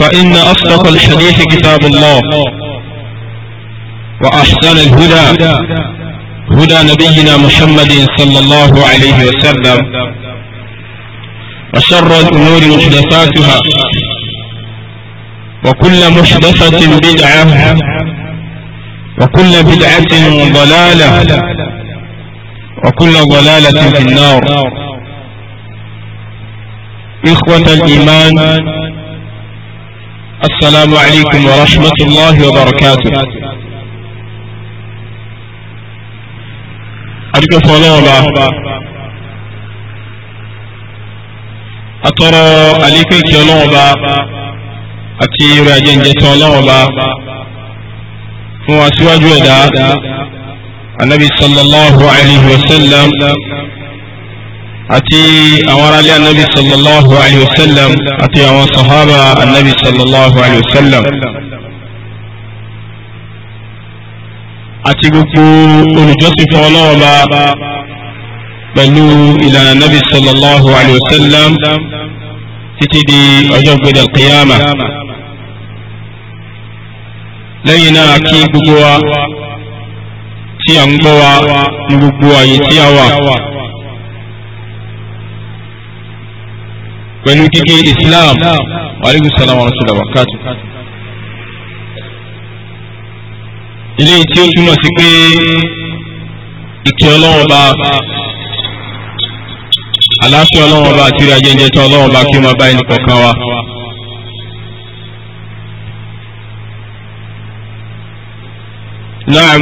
فإن أصدق الحديث كتاب الله وأحسن الهدى هدى نبينا محمد صلى الله عليه وسلم وشر الأمور محدثاتها وكل محدثة بدعة وكل بدعة ضلالة وكل ضلالة في النار إخوة الإيمان السلام عليكم ورحمة الله وبركاته أدك فلولا أترى عليك كلوبا أتي راجن جتولوبا هو سواجودا النبي صلى الله عليه وسلم àti àwọn aráàlú anabi sallallahu alayhi wa sallam àti àwọn sahaba anabi sallallahu alayhi wa sallam àti gbogbo olùjọ́sìn fún ọlọ́wọ́ bá pẹ̀lú ìlànà nabi sallallahu alayhi wa sallam títí di ọjọ́ gbẹdẹ̀ kìyàmà lẹ́yìn náà kí gbogbo wa tí a ń gbọ́ wa ní gbogbo àyè tí a wà. pẹ̀lú kíkí islam wàlíkù sàlámù ọ̀rọ̀sọ̀lá wàkàtù. ilé tí ó túmọ̀ sí pé ìkẹ́ ọlọ́wọ́ bá àlàáfíà ọlọ́wọ́ bá àti ìrìn àjẹjẹ tó ọlọ́wọ́ bá kí ó máa bá ẹnì kọ̀ọ̀kan wa. Naam.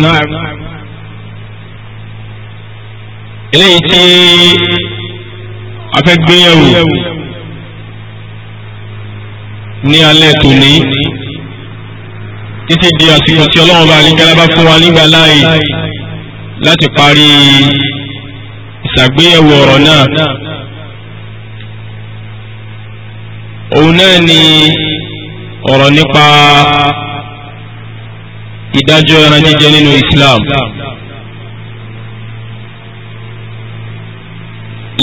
Eléyìí tí a fẹ́ gbéyàwó ní alẹ́ tòní títí di àsìkò tí ọlọ́run bá ní gálábá fún wa nígbà láàyè láti parí ìṣàgbéyẹ̀wò ọ̀rọ̀ náà òun náà ni ọ̀rọ̀ nípa ìdájọ́ ẹran jíjẹ nínú Islam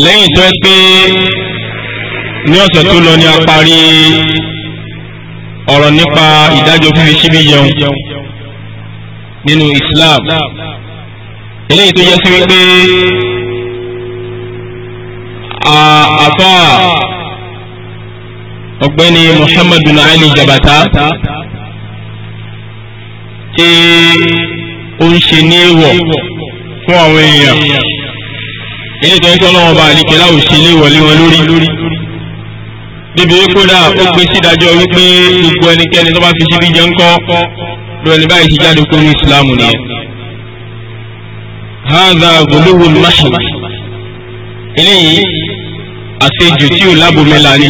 lẹ́yìn tó ẹ pé ní ọ̀sẹ̀ tó lọ ni a parí ọ̀rọ̀ nípa ìdájọ́ fífi síbí jẹun nínú Islam eléyìí tó jẹ́ sí wípé àfà ọ̀gbẹ́ni Muhammad bin Ali Jabata tí ó ń ṣe ní èèwọ̀ fún àwọn èèyàn eléyìí tó ń tọ́lọ́wọ́ bá àlìkẹ́lá ò ṣe léèwọ̀ lé wọn lórí débi kódà ó gbé sídájọ́ wípé gbogbo ẹnikẹ́ni tó bá fi síbi jẹ́ ńkọ́ ló ẹni báyìí ti jáde kúrò ní ìsìlámù nìyẹn. hadha gòlúwò mahim eléyìí àṣejù tí ò lábòmẹ́lá ni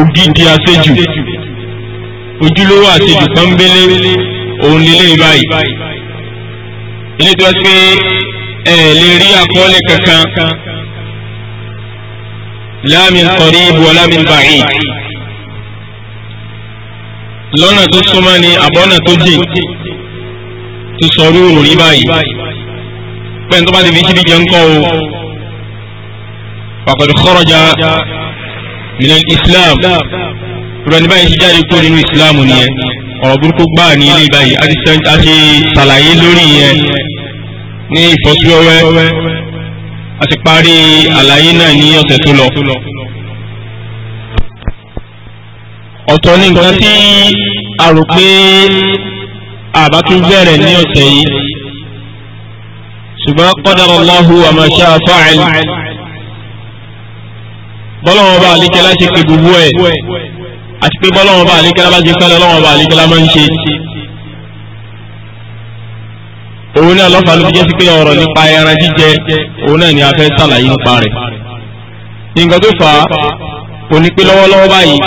ògidì àṣejù ojúlówó àṣejù pọ́nbélé òun nílé báyìí ilé tó ṣe ẹ̀ lè rí àkọọ́lẹ̀ kankan la min qarib wala min ba'id lọ́nà tó súnmọ́ ni àbọ́nà tó jìn tó sọ rúurú rí báyìí pẹ́ẹ́n tó bá ti fi ṣíbi jẹun kọ́ o faqad kharaja min al-islam rẹ̀ ní báyìí ṣe jáde kúrò nínú islam nìyẹn ọ̀rọ̀ burúkú gbáà ní ilé báyìí a ti ṣàlàyé lórí yẹn ní ìfọ́síwẹ́wẹ́ a ti parí àlàyé náà ní ọ̀sẹ̀ tó lọ. ọ̀tọ̀ ní nǹkan tí a rò pé àbá tún bẹ̀rẹ̀ ní ọ̀sẹ̀ yìí ṣùgbọ́n qadarallahu wa ma sha'a bá àlékẹ́lá ṣe pé gbogbo ẹ̀ àti pé bọ́lọ́wọ́n bá àlékẹ́lá bá ṣe fẹ́ lọ́wọ́n bá àlékẹ́lá máa ń ṣe òun náà lọ́fà ló fi jẹ́ sí pé ọ̀rọ̀ nípa ẹran jíjẹ òun náà ni a fẹ́ sàlàyé nípa rẹ̀ nǹkan tó fà á kò ní pé lọ́wọ́lọ́wọ́ báyìí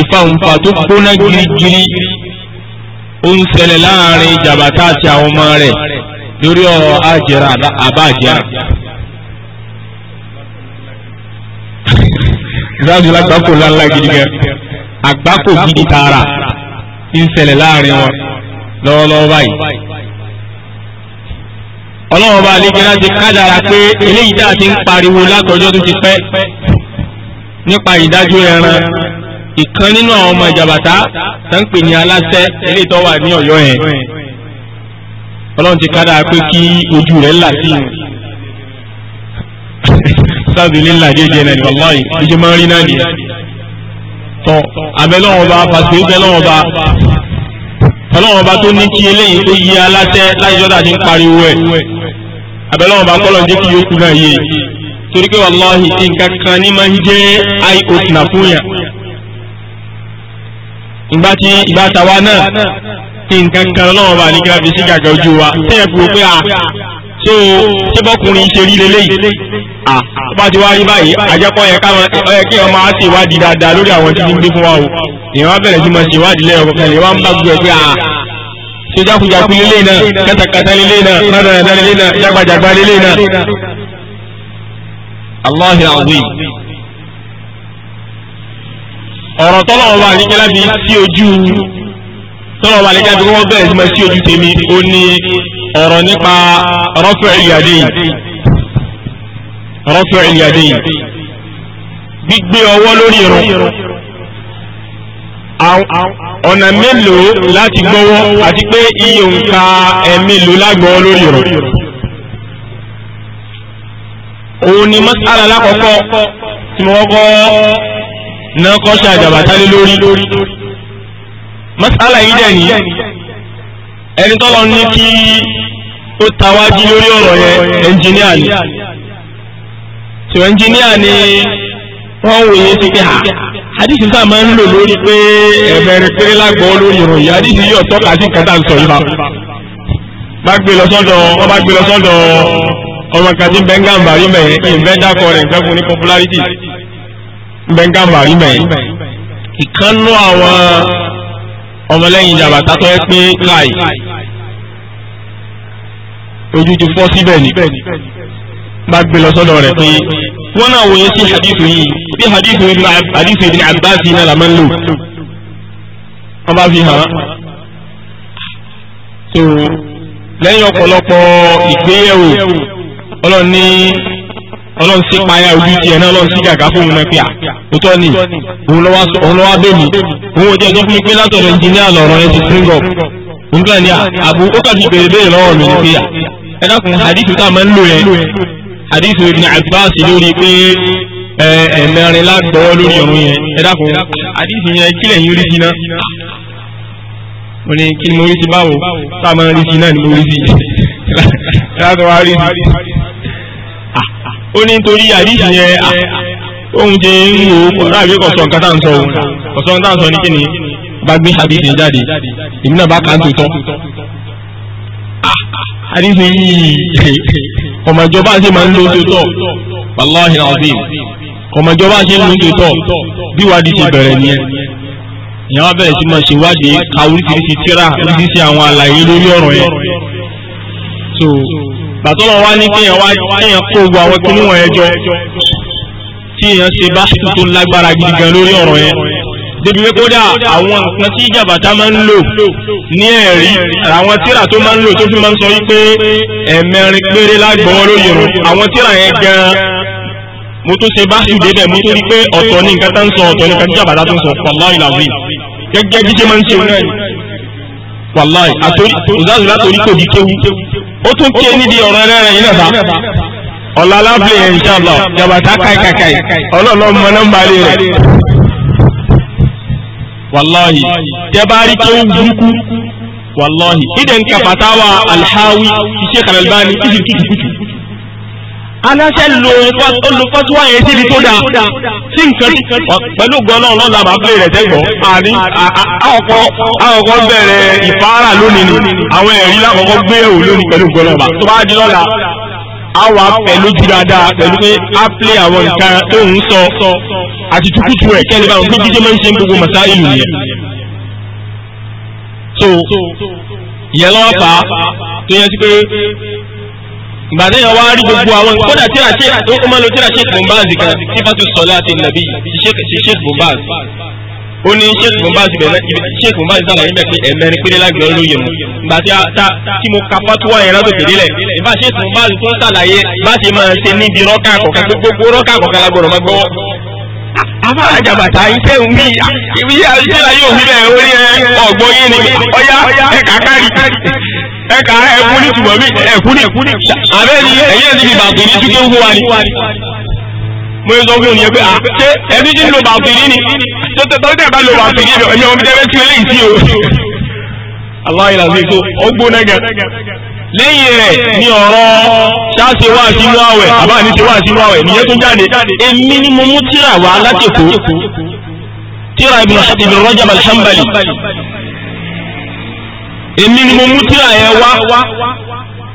ìfàǹfà tó gbóná girigiri ó ń ṣẹlẹ̀ láàrin jàbátá àti àwọn ọmọ rẹ̀ lórí ọ̀rọ̀ àjẹrà àbá àjẹrà. ìdájọ́ lágbàkó gidi gan àgbákò gidi tààrà ń ṣẹlẹ̀ láàrin wọn lọ́wọ́lọ́wọ́ báyìí ọlọ́wọ́ bá lékè láti kádàrà pé eléyìí tá a ti ń pariwo látọjọ́ tó ti pẹ́ nípa ìdájọ́ ẹran ìkan nínú àwọn ọmọ ìjàbàtà tó ń pè ní aláṣẹ eléyìí tó wà ní Ọ̀yọ́ yẹn ọlọ́run ti kádàrà pé kí ojú rẹ̀ là sí i sáàbì lílà déédéé náà ni wàláyé ìjọba rí náà nìyẹn tọ́ àbẹ́lọ́wọ́ bá pàṣẹ ìbẹ́lọ́wọ́ bá ọlọ́wọ́n bá tó ní kí eléyìí tó yí aláṣẹ láti jọ́dá ti ń pariwo ẹ̀ abẹ́lọ́wọ́n bá kọ́lọ̀ jẹ́ kí yókù náà yé torí pé wàláhì tí nǹkan kan ní máa ń jẹ́ eye fún yàn ìgbà tí ìgbà tàwa náà tí nǹkan kan lọ́wọ́n bá ní kí wọ́n fi sí gàgà ojú wa tẹ́yẹ̀ fi pé à so ṣé bọ́kùnrin ṣe rí leléyìí à ah, tó bá ti wá rí báyìí àjẹpọ̀ yẹ káwọn ọyẹ kí ọmọ á sì wádìí dáadáa lórí àwọn tí ń gbé fún wa o ìwọ́n abẹ́rẹ́ sí mọ̀ sí ìwádìí lẹ́yìn ọkọ̀ kẹlẹ̀ wọ́n bá gbé pé à ah, ṣe jákujàku lélẹ̀ náà kẹtàkẹtà lélẹ̀ náà mọ́tàkẹtà lélẹ̀ náà jágbàjàgbà lélẹ̀ náà. Allahi azim ọ̀rọ̀ tọ́lọ́wọ́ wa ní kẹ́lábi sí ojú tọ́lọ́wọ́ wa rọ́tò ìyàdé gbígbé ọwọ́ lórí irun ọ̀nà mélòó láti gbọ́wọ́ àti pé iye òǹkà ẹ̀mélòó lágbọ́wọ́ lórí irun òun ni mọ́sálà lákọ̀ọ́kọ́ tí mo kọ́kọ́ náà kọ́ ṣe àjàbátálé lórí mọ́sálà yìí dẹ̀ ní ẹni tọ́lọ ní kí ó tawájí lórí ọ̀rọ̀ yẹn ẹnjìníà ni so ẹnjìníà ni wọ́n ń wòye sí pé ha àdìsí sáà máa ń lò lórí pé ẹ̀bẹ̀rẹ̀ péré lágbọ́ lórí ìròyìn àdìsí yóò tọ́ka sí nǹkan tá à ń sọ yìí bá bá gbé lọ sọ́dọ̀ wọ́n bá gbé lọ sọ́dọ̀ ọmọ kan tí bẹ́ńgàmbà rí mẹ́yẹ ìbẹ́ dákọ̀ rẹ̀ nǹkan fún ní popularity bẹ́ńgàmbà rí mẹ́yẹ ìkànnú àwọn ọmọlẹ́yìn ìjàmbá tátọ́ ẹ pé láì ojú ti fọ́ síbẹ̀ ni bá gbé lọ sọ́dọ̀ rẹ̀ pé wọ́n náà wòye sí hadithu yìí bí hadithu yìí hadithu yìí ní abáàsì náà làmá ń lò wọ́n bá fi hàn án. so lẹ́yìn ọ̀pọ̀lọpọ̀ ìgbéyẹ̀wò ọlọ́run ní ọlọ́run sí payá ojú tiẹ̀ náà ọlọ́run sí gàgá fún òun mẹ́fíà òótọ́ ni òun lọ́wọ́ bẹ́ẹ̀ ni òun ò jẹ́ ẹjọ́ fún mi pé látọ̀dọ̀ ẹnjìníà lọ̀rọ̀ ẹ ti spring up òun kàn ní àbò ó kàn ti bèrè bèrè lọ́wọ́ mi ní ẹ dákun àdìtú tá a máa ń lò yẹn àdísù ibn abbas lórí pé ẹ̀mẹrin lágbọ́wọ́ lórí ọ̀run yẹn ẹ dákun àdísù yẹn kílẹ̀ yín rí sí náà wọ́n ní kí ni mo rí sí báwo tá a máa rí sí náà ni mo rí sí láti wá rí sí. ó ní nítorí àdísù yẹn ohun ti ń wo ọ̀rọ̀ àbí kọ̀sọ̀ nǹkan tá à ń sọ ohun kọ̀sọ̀ nǹkan tá à ń sọ ní kí ni bá gbé àdísù yẹn jáde èmi náà bá kà á tó tọ́ àdísù yìí ọmọ ìjọba ṣe máa ń lo tòótọ́ wàláhì alazim ọmọ ìjọba ṣe ń lo tòótọ́ bí wádìí ti bẹ̀rẹ̀ nìyẹn ìyẹn wá bẹ̀rẹ̀ sí máa ṣe wádìí ka oríṣiríṣi tíra oríṣiríṣi àwọn àlàyé lórí ọ̀rọ̀ yẹn so bàtọ́lọ̀ wá ní kéèyàn wá kéèyàn kó gbogbo àwọn kíní wọn ẹjọ́ tí èèyàn ṣe bá tó lágbára gidi gan lórí ọ̀rọ̀ yẹn débi pé kódà àwọn nǹkan tí jàbàtà máa ń lò ní ẹ̀rí àwọn tíra tó máa ń lò tó fi máa ń sọ wípé ẹ̀mẹrin péré lágbọ́n lórí irun àwọn tíra yẹn gan-an mo tó ṣe báṣu dédé mo tó rí pé ọ̀tọ̀ ní nǹkan tá ń sọ ọ̀tọ̀ ní nǹkan tí jàbàtà tó ń sọ wàláì làwí gẹ́gẹ́ bí ṣe máa ń ṣe náà wàláì àtòrí òzáàzù látòrí kò bí kéwu ó tún ké níbi ọ̀rọ̀ ẹlẹ́rìn ọ̀la alábìlẹ̀ inshallah jàbàtà káìkàkàì ọlọ́ọ̀lọ́ mọ nọ́mbà rẹ̀ wàláhì tẹ́bárí tó ń burúkú wàláhì idan ka fatawa alhawi ti Sheikh Al-Albani ti fi tutukutu aláṣẹ lo olùfọ́síwá yẹn síbi tó dáa sí nǹkan pẹ̀lú gbọ́nà ọlọ́run àbá bẹ̀rẹ̀ tẹ́gbọ́ àní àkọ́kọ́ bẹ̀rẹ̀ ìfárà lónìí ni àwọn ẹ̀rí lákọ̀ọ́kọ́ gbé òun lónìí pẹ̀lú gbọ́nà ọba tó bá di lọ́la a wà fẹ́ lójú dáadáa pẹ̀lú pé a plé àwọn nǹkan tó ń sọ àti tukutu ẹ̀ kẹ́lẹ́ báwọn pé jíjẹ́ máa ń ṣe gbogbo màsá ìlú yẹn. so ìyẹn lọ́wọ́ fà á tó yẹ sí pé ìgbàdé yẹn wá rí gbogbo àwọn kódà tí a ṣe ó máa lo tí a ṣe bùnbáàzì kan sífàtú sọlá àti nàbí ṣiṣẹ́ bùnbáàzì ó ní sheikh mumbaz bẹ̀rẹ̀ sheikh mumbaz sàlàyé bẹ̀ pé ẹ̀mẹ́rin péré lágbẹ̀ẹ́ lóye mu ìgbà tí a tí mo ka fatuwa yẹn látòkè délẹ̀ ìgbà sheikh mumbaz tó ń sàlàyé bá ṣe máa ṣe níbi rọ́kà àkọ́kọ́ pé gbogbo rọ́kà àkọ́kọ́ la gbọ́dọ̀ máa gbọ́wọ́. àbá àjàbàtà iṣẹ́ ń bí ibi iṣẹ́ la yóò fi bẹ́ẹ̀ orí ẹ ọ̀gbọ́n yín ni ọ̀yá ẹ̀ka kárí ẹ̀ka ẹ̀kú ní tùmọ̀ mi ẹ̀kú ní àbẹ́ni ẹ̀yẹ́ ti fi bàtò ní túkẹ́ ń wa ni. mo yẹ sọ fún òní ẹgbẹ́ à ṣé ẹni tí ń lo bàtò yìí ni tó tó tó bá lo wàásù yìí ẹ̀mí ọmọ bíjẹ́ bẹ́ẹ̀ lẹ́yìn sí o. aláì làzí tó ọgbó nẹ́gẹ̀. lẹ́yìn rẹ̀ ni ọ̀rọ̀ ṣáṣe wá sínú àwẹ̀ àbá ní ṣe wá sínú àwẹ̀ nìyẹn tó jáde èmi ni mo mú tíra wá eh, látẹ̀kọ́ tíra ibn Rajab al-Hanbali èmi ni mo mú tíra yẹn wá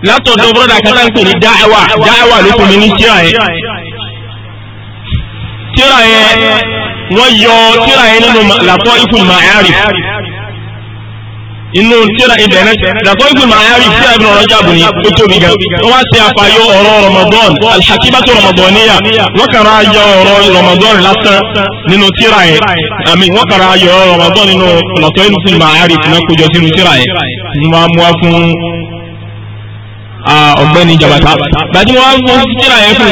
látọ̀dọ̀ bọ́dà kan láǹpẹ̀ ní dáhẹ́wà dáhẹ́wà ló fún ní tíra yẹn wọ́n yọ tíra yẹn nínú làtọ́ ikú màáyárì inú tíra ibẹ̀ náà làtọ́ ikú màáyárì tíra ibùdó ọ̀rọ̀ jáàbù ni ó tóbi gan wọ́n wá ṣe àfàyọ ọ̀rọ̀ Ramadan alhakibatu rọmọdọ́níyà wọ́n kàrà yọ ọ̀rọ̀ Ramadan lásán nínú tíra yẹn àmì wọ́n kàrà yọ ọ̀rọ̀ rọmọdọ́n nínú làtọ́ ikú màáyárì náà kójọ sínú tíra yẹn wọ́n mú wá fún ah, ọ̀gbẹ́ni jabata gbàdúrà wọn fún tíra yẹn fún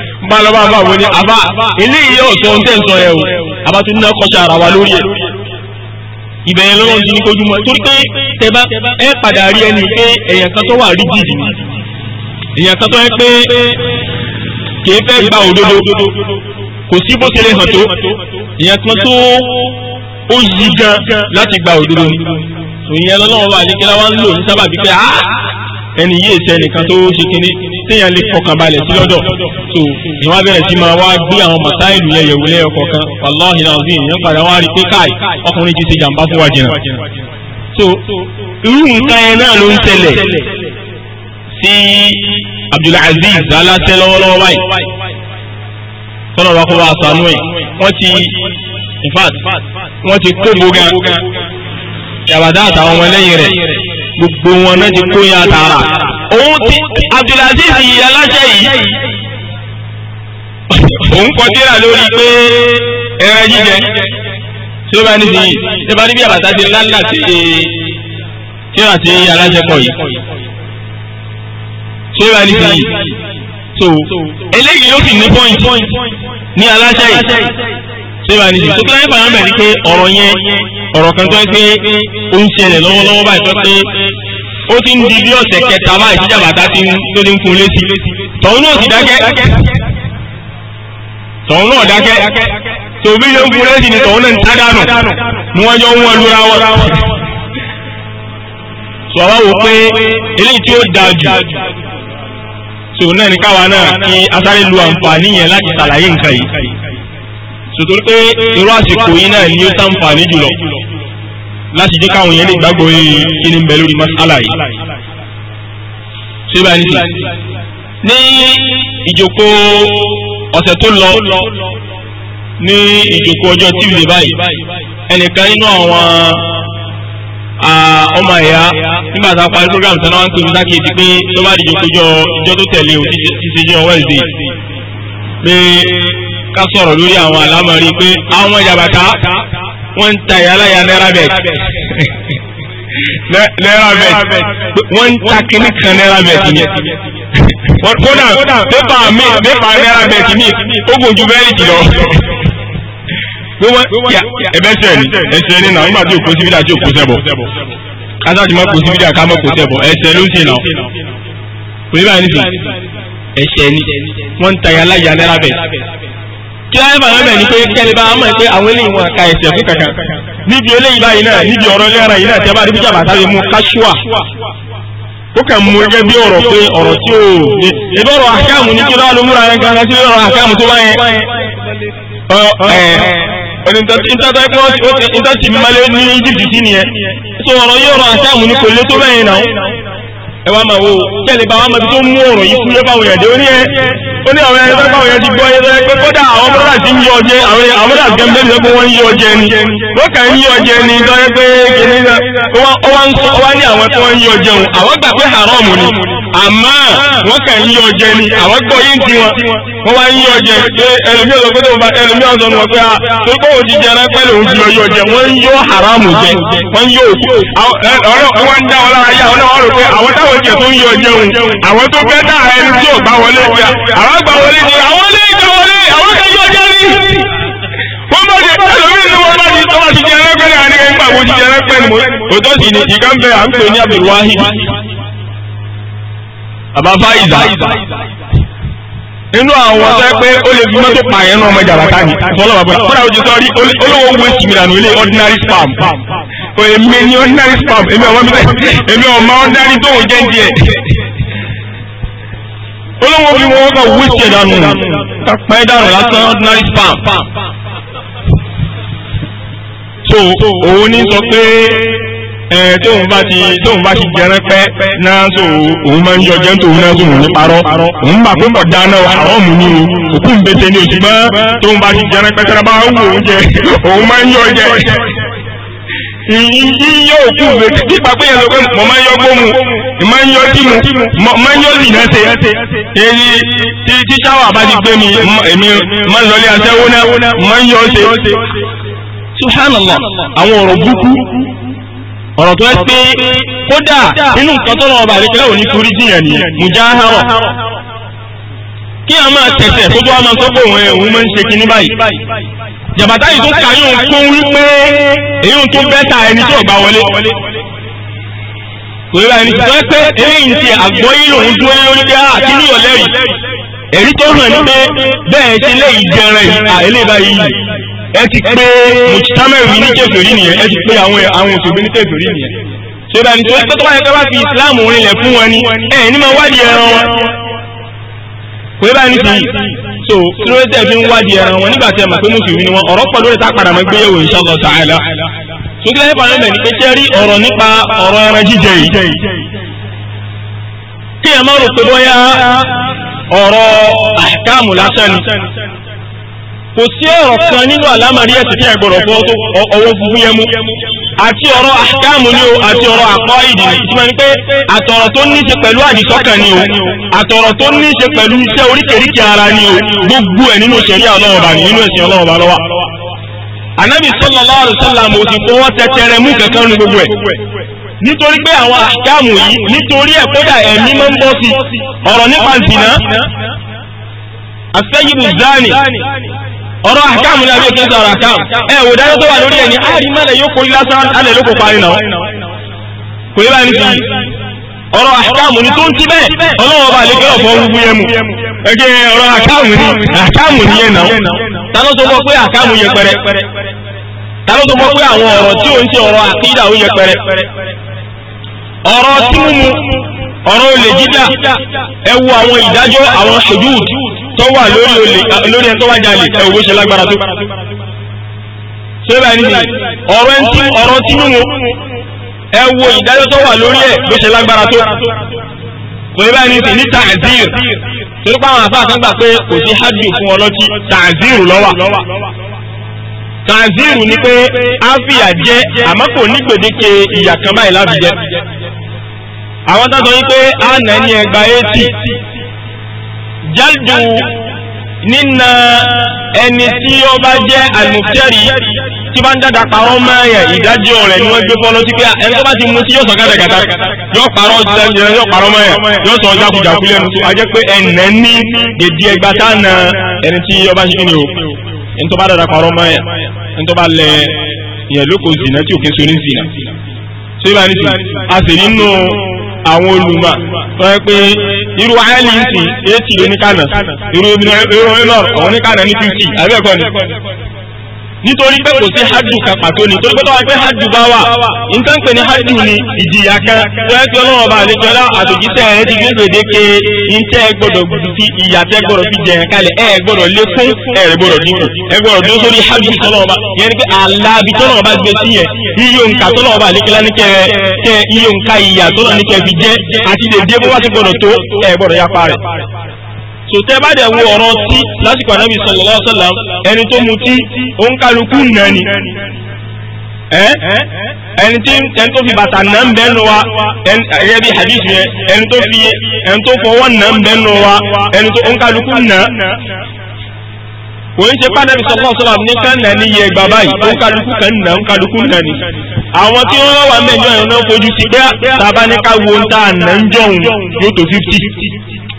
bá lọ́wọ́ àbá àwọn ní àbá ilé ìyá ọ̀sán tẹ̀ ń sọ ẹ o àbá tún ní ọkọ̀ ṣàrà wa lórí ẹ̀ ìbẹ̀yẹn lọ́wọ́ ti ní kojúmọ́ torí pé tẹ́bá ẹ padà rí ẹni pé èèyàn kan tó wà rí jìjì èèyàn kan tó yẹ pé kì í fẹ́ gba òdodo kò sí bó ṣe lè hàn tó èèyàn kan tó ó yí gan láti gba òdodo ìyẹn lọ́wọ́ wà ní kí láwọn ń lò ní sábàbí pé ẹni yìí ṣe ẹnìkan tó ṣe kínní téèyàn lè fọkàn balẹ̀ sí lọ́dọ̀ so ìwọ́n abẹ́rẹ́ sí máa wá gbé àwọn masáìlú yẹn yẹ̀wò lẹ́yọ̀ kọ̀ọ̀kan wàláhìn náà sí ìyẹn padà wá rí pé káì ọkùnrin ti ṣe jàǹbá fún wa jìnnà so irú nǹkan yẹn náà ló ń ṣẹlẹ̀ sí Abdulaziz aláṣẹ lọ́wọ́lọ́wọ́ báyìí tọ́lọ̀ wa kó wa sànú ẹ̀ wọ́n ti in fact wọ́n ti kó gbogbo yàrá dáàtà àwọn ọmọ ẹlẹ́yìn rẹ̀ gbogbo wọn náà ti kó yan tààrà òun ti Abdulaziz yìí aláṣẹ yìí òun kọtíra lórí pé ẹran jíjẹ tí ó bá ní sìn yìí tí ó bá ní bí àbàtà ti lálà sí tíra tí aláṣẹ kọ yìí tí ó bá ní sìn yìí so eléyìí ló fi ní point ní aláṣẹ yìí tí bá ní sìn tó kí láyé bàrán bẹ̀ ni pé ọ̀rọ̀ yẹn ọ̀rọ̀ kan tó ń pé ó ń ṣẹlẹ̀ lọ́wọ́lọ́wọ́ báyìí tó pé ó ti ń di bí ọ̀sẹ̀ kẹta máa ìṣíjà bàtà tí tó ti ń kun létí tọ̀hún náà sì dákẹ́ tọ̀hún náà dákẹ́ tòbí yóò kun létí ni tọ̀hún náà ń tá dànù ni wọ́n jọ ń wọ́n lura wọn. sọ̀rọ̀ wò pé eléyìí tí ó da jù sòun náà ní káwa náà kí asáré lu àǹfààní yẹn láti ṣàlàyé nǹkan yìí sòtò pé irú àsìkò yìí náà ni ó sàǹfààní jùlọ láti jẹ́ káwọn yẹn lè gbàgbọ́ yìí kí ni ń bẹ lórí masala yìí ṣé báyìí nìyí ní ìjòkó ọ̀sẹ̀ tó lọ ní ìjòkó ọjọ́ tíwìlì báyìí ẹnìkan nínú àwọn ọmọ ẹ̀yà nígbà tá a parí program tí wọ́n ń pè mí sákèjì pé tó bá dìjòkó jọ ìjọ tó tẹ̀lé o ti ṣe jẹ́ Wednesday pé ká sọ̀rọ̀ lórí àwọn àlámọ̀rí pé àwọn ìjàbàtà wọ́n ń ta yàláyà náírà bẹ̀ náírà bẹ̀ wọ́n ń ta kíní kan náírà bẹ̀ tì ní. kódà pépà mi pépà náírà bẹ̀ tì ní ó gùn ju bẹ́ẹ̀lì jùlọ. ẹ̀bẹ̀ sẹ ni ẹsẹ ni náà nígbà tí òkú síbi dà tí òkú sẹ bọ má kó síbi dà ká má kó sẹ ẹsẹ ló ń sè náà kò ní báyìí nìsín ẹsẹ ni wọ́n ń ta yàláyà náírà bẹ̀. kí láyé bàbá bẹ̀ ni pé kẹ́lẹ́ bá mọ̀ pé àwọn eléyìí wọn ka ẹ̀sẹ̀ fún kankan níbi eléyìí báyìí náà níbi ọ̀rọ̀ lẹ́ra yìí náà tí a bá rí bíjà bàtà lè mú káṣúà ó kàn mú gẹ́gẹ́ bí ọ̀rọ̀ pé ọ̀rọ̀ tí ó ebi ọ̀rọ̀ àkáàmù ní kí lọ́wọ́ ló múra yẹn gangan sí ọ̀rọ̀ àkáàmù tó bá yẹn ìtàtí mmalẹ̀ ní Egypt ọ̀rọ̀ yìí ọ̀rọ̀ ní kò lé tó bẹ́yìn náà ẹ wá máa wo kẹ́lẹ́ bá wá máa tó mú ọ̀rọ̀ yìí fúyẹ́ báwọn ó ní àwọn ẹni tọ́pọ̀ yẹn ti gbọ́ ẹni tọ́pọ̀ pé kódà àwọn bọ́dà ti ń yọ ọjẹ́ àwọn bọ́dà ti gẹ́gẹ́ bí wọ́n ń yọ ọjẹ́ ni wọ́n kà ń yọ ọjẹ́ ni tọ́pẹ́ pé kìíní ó wá ní àwọn tí wọ́n ń yọ ọjẹ́ àwọn gbà pé haram ni àmọ́ wọ́n kà ń yọ ọjẹ́ ni àwọn gbọ́ yín ti wọn wọ́n wá ń yọ ọjẹ́ pé ẹlòmí ọ̀sán pé ẹlòmí ọ̀sán wọn pé a tó kó òun ti jẹ ẹran pẹ́lú òun ti yọ yọ jẹ wọ́n ń yọ haram jẹ wọ́n ń yọ ọ̀rọ̀ wọn ń dá wọn lára yá ọ̀rọ̀ wọn rò pé àwọn táwọn jẹ tó ń yọ jẹun àwọn tó fẹ́ dá ẹni tí ò bá wọlé wàá gbà wọlé ni àwọn ilé ìgbà wọlé àwọn ìdájọ́ jẹ́ ní. wọ́n bá jẹ ẹlòmíì ní wọ́n bá ti tọ́ àti jẹ ẹlẹ́pẹ́ ní àníkẹ́ nígbà mo ti jẹ ẹlẹ́pẹ́ ni mo òótọ́ sì ni ìgbà ń bẹ à ń pè ní Abdulwahid àbáfá ìzà inú àwọn ọ̀sẹ̀ pé ó lè fi mọ́tò pààyàn náà ọmọ jàbátá ni fọlọ́wà bọ́lá kọ́dà ojú sọ́rí olówó owó ìsìnkìlà ní ilé ordinary spam èmi ní ordinary spam èmi ọmọ mi èmi ọmọ ordinary tó wò jẹ́ ń díẹ̀ olóhùn omi wọn kọ wíṣẹ dànù kápẹ́ dànù lásán ordinary spam so òun ní sọ pé tóun bá ti tóun bá ti jẹrẹ pẹ náà so òun máa ń yọ jẹun tóun náà so òun ní parọ́ òun bá pípọ̀ dáná àwọn mú ni o òkú ń bẹ tẹ ní oṣù mọ́ tóun bá ti jẹrẹ pẹ tẹ́lẹ̀ bá wù òun jẹ òun máa ń yọ jẹ yíyọ òkú rẹ̀ títí pàpẹ́ yẹn lọ́gbẹ́ mọ̀ máa ń yọ gbóhùn máa ń yọ dìmú máa ń yọ lìnà ṣe èyí tí tíṣà wà bá ti gbé mi èmi máa ń lọlé aṣẹ́wó subhanallah àwọn ọ̀rọ̀ burúkú ọ̀rọ̀ tó ẹ pé kódà nínú nǹkan tó lọ́wọ́ bàbá ìkẹ́lẹ́ òní torí jìyàn nìyẹn mùjáhárọ̀ kí a máa tẹ̀sẹ̀ kó tó a máa sọ́kò òun ẹ̀ òun ń ṣe kinní báyìí jàbàtà yìí tó kàyún kún wípé èyí tó bẹ́tà ẹni tí ò bá wọlé kò yíra ẹni tó yẹ pé eléyìí ti àgbọ́yé lòun dúró lórí bí ah, àti ní ọ̀lẹ́rì èrí tó hàn ní pé bẹ́ẹ̀ ti lé ìjẹrẹ à ah, eléyìí báyìí ẹ ti pé mùtámẹ́rì ní kèfèrí nìyẹn ẹ ti pé àwọn àwọn òṣèlú ní kèfèrí nìyẹn ṣé báyìí tó yẹ pé tó bá yẹ ká bá fi ìsìláàmù rinlẹ̀ fún wọn ni ẹ̀ ní máa wádìí ẹran kò yẹ báyìí nísìnyí so kí ló dé fi ń wádìí ẹran wọn nígbà tí ẹ mọ̀ pé mùsùlùmí ni wọn ọ̀rọ̀ pọ̀ lórí tápàdà máa gbéyẹ̀wò inshallah ta'ala sókè lẹ́yìn pàrọ̀ mẹ́rin pé ṣé rí ọ̀rọ̀ nípa ọ̀rọ̀ ẹran jíjẹ yìí kí ẹ má rò pé bóyá ọ̀rọ̀ àkáàmù lásán ni kò sí ọ̀rọ̀ kan nínú àlámàrí ẹ̀sìn tí ẹ gbọ́dọ̀ fọ́ ọwọ́ funfun yẹn mú àti ọ̀rọ̀ àkáàmù ni o àti ọ̀rọ̀ àkọ́ ìdì ìtumọ̀ ni pé àtọ̀rọ̀ tó ní ṣe pẹ̀lú àdìsọ́kàn ni o àtọ̀rọ̀ tó ní ṣe pẹ̀lú iṣẹ́ oríkèríkè ara ni o gbogbo ẹ̀ nínú ṣẹ̀rí ọlọ́ọ̀bà nínú ẹ̀sìn ọlọ́ọ̀bà lọ́wọ́ anabi sallallahu alaihi wasallam ò sì fọwọ́ tẹtẹrẹ mú kankan nu gbogbo ẹ̀ nítorí pé àwọn àkáàmù yìí nítorí ẹ̀ kódà ẹ̀mí máa ń bọ́ sí ọ̀rọ̀ nípa zina zani ọ̀rọ̀ àkàmù ní abíyẹ̀kí sọ̀rọ̀ e ẹ wò tó wà lórí ẹ̀ ní àrímọ́lẹ̀ yóò kórí lásán alẹ́ ló kó parí náà kò ọ̀rọ̀ àkàmù ni tó ń ti bẹ́ẹ̀ ọlọ́wọ́ bá lè kẹ́rọ̀ fọ́ ọ̀rọ̀ ni àkàmù ni yẹn náà tálọ́ tó mọ̀ pé yẹ pẹrẹ tálọ́ tó mọ̀ pé àwọn ọ̀rọ̀ tí ò ń ti ọ̀rọ̀ àkídà ó yẹ pẹrẹ ọ̀rọ̀ tí mú mu ọ̀rọ̀ olè jíjà tó wà lórí olè lórí ẹni tó wá jalè ẹ òwò ṣe lágbára tó ṣé báyìí nìyí ọ̀rọ̀ ẹni tí ọ̀rọ̀ Tinubu ẹ wo ìdájọ́ tó wà lórí ẹ ló ṣe lágbára tó kò ní báyìí nìyí ní tàzír torí pé àwọn àfáà kan gbà pé kò sí hajj fún ọlọ́tí tàzír lọ́wà tàzír ni pé áfíà jẹ́ àmọ́ kò ní gbèdéke ìyà kan báyìí láfi jẹ àwọn tó sọ yín pé àná ní ẹgbàá jálùdù nínà ẹni tí ó bá jẹ́ àlùmùtẹ́rì tí bá ń dàdà parọ́ máa yẹ ìdájọ́ rẹ̀ ni wọ́n gbé fọ́lọ́ tí pé ẹni tó bá ti mú tí yóò sọ gàdàgàdà yóò parọ́ jẹjẹrẹ yóò parọ́ máa yẹ yóò sọ jákujàku lẹ́nu tó a jẹ́ pé ẹnẹ́ ní gèdè ẹgbà tánà ẹni tí ó bá ṣe kí ni o ẹni tó bá dàdà parọ́ máa yẹ ẹni tó bá lẹ yẹ lóko zìnà tí òkè so zìnà. ṣé ibà ní sìn àwọn olùmọ̀ tó yẹ pé irú àìlì ń sìn eighty lóníkànnà irú Ibn Umar òun níkànnà ní fifty àbẹ́ẹ̀kọ́ ni nítorí pé kò sí hajj kan pàtó ni torí pé tọ́wọ́ pé hajj bá wà nǹkan pè ní hajj ni ìjìyà kan tó ẹ́ tí ọlọ́run ọba àlejò ọlá àtòjíṣẹ́ ẹ ti gbé gbèdéke ntẹ́ ẹ gbọ́dọ̀ fi ìyà tẹ́ gbọ́dọ̀ fi jẹ̀yàn kalẹ̀ ẹ gbọ́dọ̀ lékún ẹ rẹ̀ gbọ́dọ̀ dínkù ẹ gbọ́dọ̀ dúró sórí hajj tọ́lọ́run ọba yẹn ni pé alábi tọ́lọ́run ọba gbé sí yẹn iye sòtẹ́ bá dẹ̀ wo ọ̀rọ̀ tí lásìkò ànábì sallallahu alaihi wasallam ẹni tó mu tí ó ń kálukú nà ni ẹni tí ẹni tó fi bàtà nà ń nù wa ẹni bí hadith yẹn ẹni tó fi ẹni tó fọwọ́ nà ń nù wa ẹni tó ń kálukú nà kò ń ṣe pàdánù sallallahu alaihi wasallam ní ká nà ní yẹ gbà báyìí ó ń kálukú kan nà ń kálukú nà ni àwọn tí wọ́n wà mẹ́jọ yẹn náà fojú sí pé tàbá ní ká wo ń tà nà ń jọ̀hún yóò tó fifty.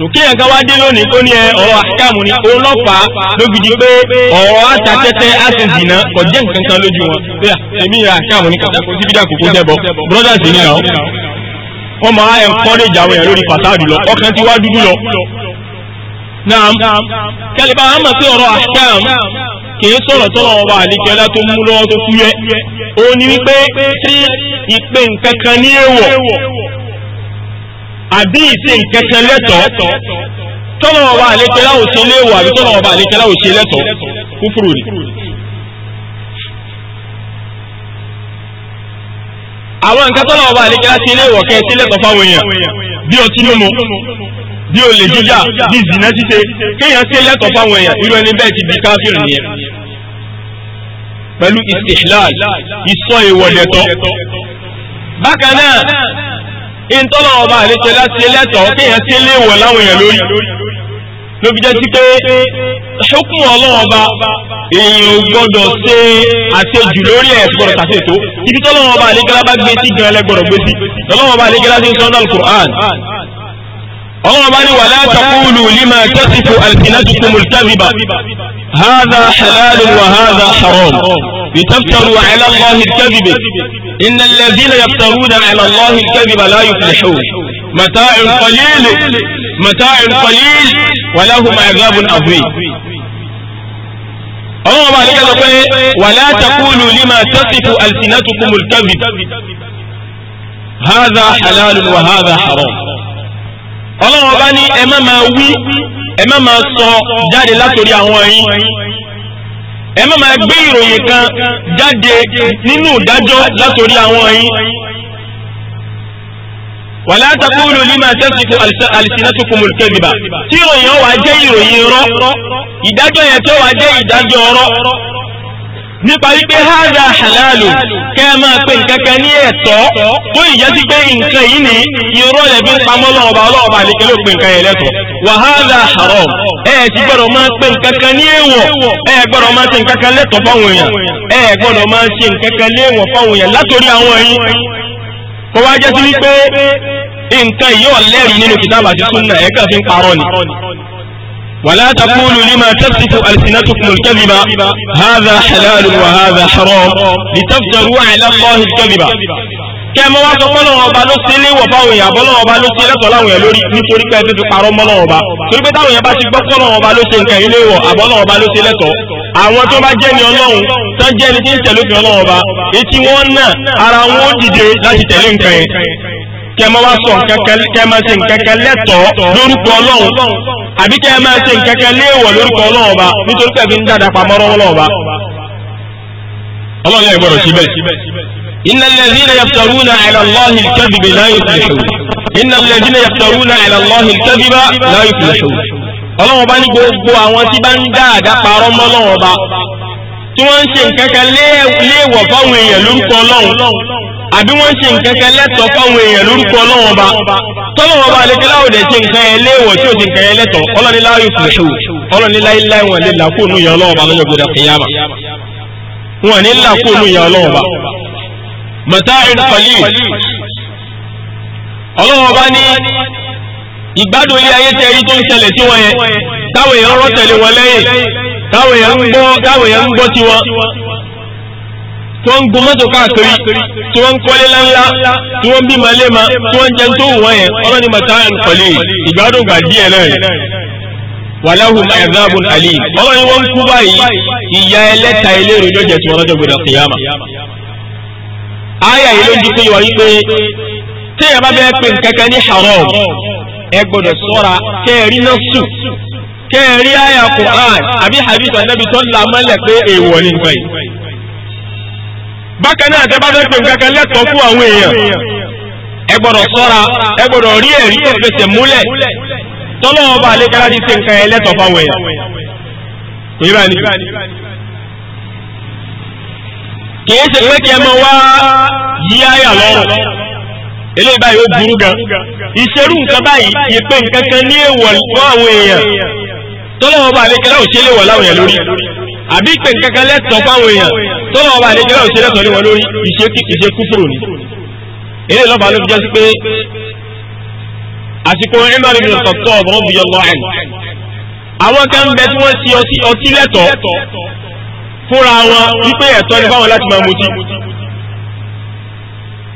sòkè yẹn gáwá dé lónìí tó ní ẹ ni òun lọ́fàá pé ọ̀rọ̀ àtàtẹ́tẹ́ kò nǹkan kan lójú wọn bẹ́ẹ̀ èmi ìyá àṣìkàmù ni kàtà kó síbídà kókó jẹ́bọ brọ́dà sí ni àwọn wọ́n máa encourage àwọn lórí fàtàdù lọ ọkàn ti wá dúdú lọ. naam pé kìí ọba tó mú tó ni wípé àbí ìsìn nkẹ́kẹ́ lẹ́tọ̀ọ́ tọ́lọ́wọ́ bá àlékẹ́ láwò ṣe léèwọ̀ àbí tọ́lọ́wọ́ bá àlékẹ́ láwò ṣe lẹ́tọ̀ọ́ kúfùrù ni. àwọn nǹkan tọ́lọ́wọ́ bá àlékẹ́ láti léèwọ̀ kẹ́ ẹ sí lẹ́tọ̀ọ́ fáwọn èèyàn bí ọtí mímu bí olè jíjà bí zìnà ṣíṣe kéèyàn sí lẹ́tọ̀ọ́ fáwọn èèyàn irú ẹni bẹ́ẹ̀ ti di káfíìn nìyẹn pẹ̀lú ìsìláàlì ìsọ ìwọ̀dẹ̀tọ̀ bákan náà ìtọ́lọ̀ ọba àlejò láti ẹlẹ́tọ̀ọ́ kéèyàn sí ilé ìwọ̀ láwọn èèyàn lórí ló fi jẹ́ sí pé ṣókùn ọlọ́wọ́n ọba èèyàn ò gbọ́dọ̀ ṣe àṣejù lórí ẹ̀ gbọ́dọ̀ ṣàṣètò ibi tọ́lọ́wọ́n ọba àlejò bá gbé sí gan ẹlẹ́gbọ̀dọ̀ gbé sí tọ́lọ́wọ́n ọba àlejò láti sọ́dọ̀ alukur'an ọlọ́wọ́n bá ní wàlá taqulu lima tasifu alsinatukumul kadhiba hadha halalun wa لتفتروا على الله الكذب إن الذين يفترون على الله الكذب لا يفلحون متاع قليل متاع قليل ولهم عذاب عظيم الله عليك الله ولا تقولوا لما تصف ألسنتكم الكذب هذا حلال وهذا حرام الله أباني أمام إيه؟ وي ما صار جاري لا تري أهوين ẹ má máa gbé ìròyìn kan jáde nínú ìdájọ́ látòrí àwọn yín wàlá takúlù lima tẹ́sìkò alìsínátùkùmù kẹ́dìbà tí ìròyìn wà jẹ́ ìròyìn rọ́ ìdájọ́ yẹn tó wà jẹ́ ìdájọ́ rọ́ nípa wípé haza halalu kẹ́ ẹ máa pe nǹkan kan ní ẹ̀tọ́ bó ìyá sí pé nǹkan yìí ni irọ́ rẹ̀ fi ń pamọ́ lọ́ọ̀bà ọlọ́ọ̀bà àlekè ló pe nǹkan yẹn lẹ́tọ̀ wà haza haram ẹ ẹ ti gbọ́dọ̀ máa pe nǹkan kan ní èèwọ̀ ẹ ẹ gbọ́dọ̀ máa ṣe nǹkan lẹ́tọ̀ fáwọn èèyàn ẹ gbọ́dọ̀ máa ṣe nǹkan léèwọ̀ fáwọn èèyàn látòrí àwọn yín kó wá jẹ́ sí wípé nǹkan yìí ولا تقولوا لما تصف ألسنتكم الكذبة هذا حلال وهذا حرام لتفتروا على الله الكذبة. kẹmọ wá sọ pé ọba ló ṣe léwọ̀ fáwọn èèyàn bọ́ ọba ló ṣe lẹ́tọ̀ọ́ láwọn èèyàn lórí nítorí pé ẹbí fi parọ́ mọ́ ọba torí pé táwọn èèyàn bá ti gbọ́ pé ọba ló ṣe nǹkan yìí léwọ̀ àbọ́ ọba ló ṣe lẹ́tọ̀ọ́ àwọn tó bá jẹ́ni ọlọ́run tán jẹ́ni tí ń tẹ̀lófin ọlọ́wọ́ ọba etí wọn náà ara wọn ó dìde láti tẹ̀lé nǹkan yẹn kẹ́ máa wá sọ nkẹ́kẹ́ kẹ́ máa ṣe nkẹ́kẹ́ lẹ́tọ̀ọ́ lórúkọ ọlọ́run àbí kẹ́ máa ṣe nkẹ́kẹ́ léèwọ̀ lórúkọ ọlọ́run ọba nítorí pẹ̀lú ń dáadáa pamọ́ ọlọ́run ọba. ọlọ́run yẹn gbọ́dọ̀ síbẹ̀. إن الذين يفترون على الله الكذب لا يفلحون إن الذين يفترون على الله الكذب لا يفلحون ọlọ́run ọba ní gbogbo àwọn tí bá ń dáadáa parọ́ mọ́ ọba tí wọ́n ń ṣe nǹkan kan léèwọ̀ fáwọn èèyàn lórúkọ ọlọ́run àbí wọ́n ń ṣe nǹkan kan lẹ́tọ̀ọ́ fáwọn èèyàn lórúkọ ọlọ́run ọba tọ́lọ́run ọba àlejò láwò dẹ̀ ṣe nǹkan yẹn léèwọ̀ tí ò ṣe nǹkan yẹn lẹ́tọ̀ọ́ ọlọ́nilá yóò fún ṣòwò ọlọ́nilá ilá ìwọ̀n lè làkóònù ìyá ọlọ́run ọba lọ́jọ́ gbọdọ̀ kìyàmà wọn ní làkóònù ìyá ọlọ́run ọba mọ̀tá ìrùkọ̀lì ọlọ́run ọba ní ìgbádùn ilé ayé tẹ́rí tó ń ṣẹlẹ̀ tí wọ́n yẹn táwọn èèyàn rọ́ wọn lẹ́yìn táwọn èèyàn ń gbọ́ táwọn èèyàn ń gbọ́ tí tí wọ́n ń gun mọ́tò káàkiri tí wọ́n ń kọ́lé láńlá tí wọ́n ń bí malema tí wọ́n ń jẹun tó wọ́n yẹn ọlọ́ni mata ń kọ́lé ìgbádùn gbà díẹ̀ náà yẹn wàláhùn ẹ̀dáàbùn àlì ọlọ́ni wọ́n ń kú báyìí ìyá ẹlẹ́ta eléèrè lọ́jọ́ tí wọ́n lọ́jọ́ gbọdọ̀ kìyàmà. kẹ́ẹ̀rí àyà Qur'an àbí hadith anabi tó la mọ́lẹ̀ pé èèwọ̀ ni nǹkan yìí. bákan náà tẹ́bá fẹ́ pé nǹkan kan lẹ́tọ̀ọ́ fún àwọn èèyàn ẹ gbọ́dọ̀ sọ́ra ẹ gbọ́dọ̀ rí ẹ̀rí tó fẹsẹ̀ múlẹ̀ tọ́lọ́wọ́ ọba àlékálá ti ṣe nǹkan yẹn lẹ́tọ̀ọ́ fáwọn èèyàn. kò yí báyìí kìí ṣe pé kí ẹ máa wá yí àyà lọ́rùn tọ́lọ́ ọba àlekẹ́lá ò ṣe léwọ̀ láwọn èèyàn lórí àbí pé nǹkankan lẹ́tọ̀ọ́ fáwọn èèyàn tọ́lọ́ ọba àlekẹ́lá ò ṣe lẹ́tọ̀ọ́ léwọ̀ lórí ìṣe kúfúrò ni eré lọ́ba ló fi jẹ́ sí pé àsìkò Umar ibn Khattab radiyallahu anhu àwọn kan bẹ tí wọ́n ṣe ọtí lẹ́tọ̀ọ́ fúnra wọn wípé ẹ̀tọ́ ni fáwọn láti máa mutí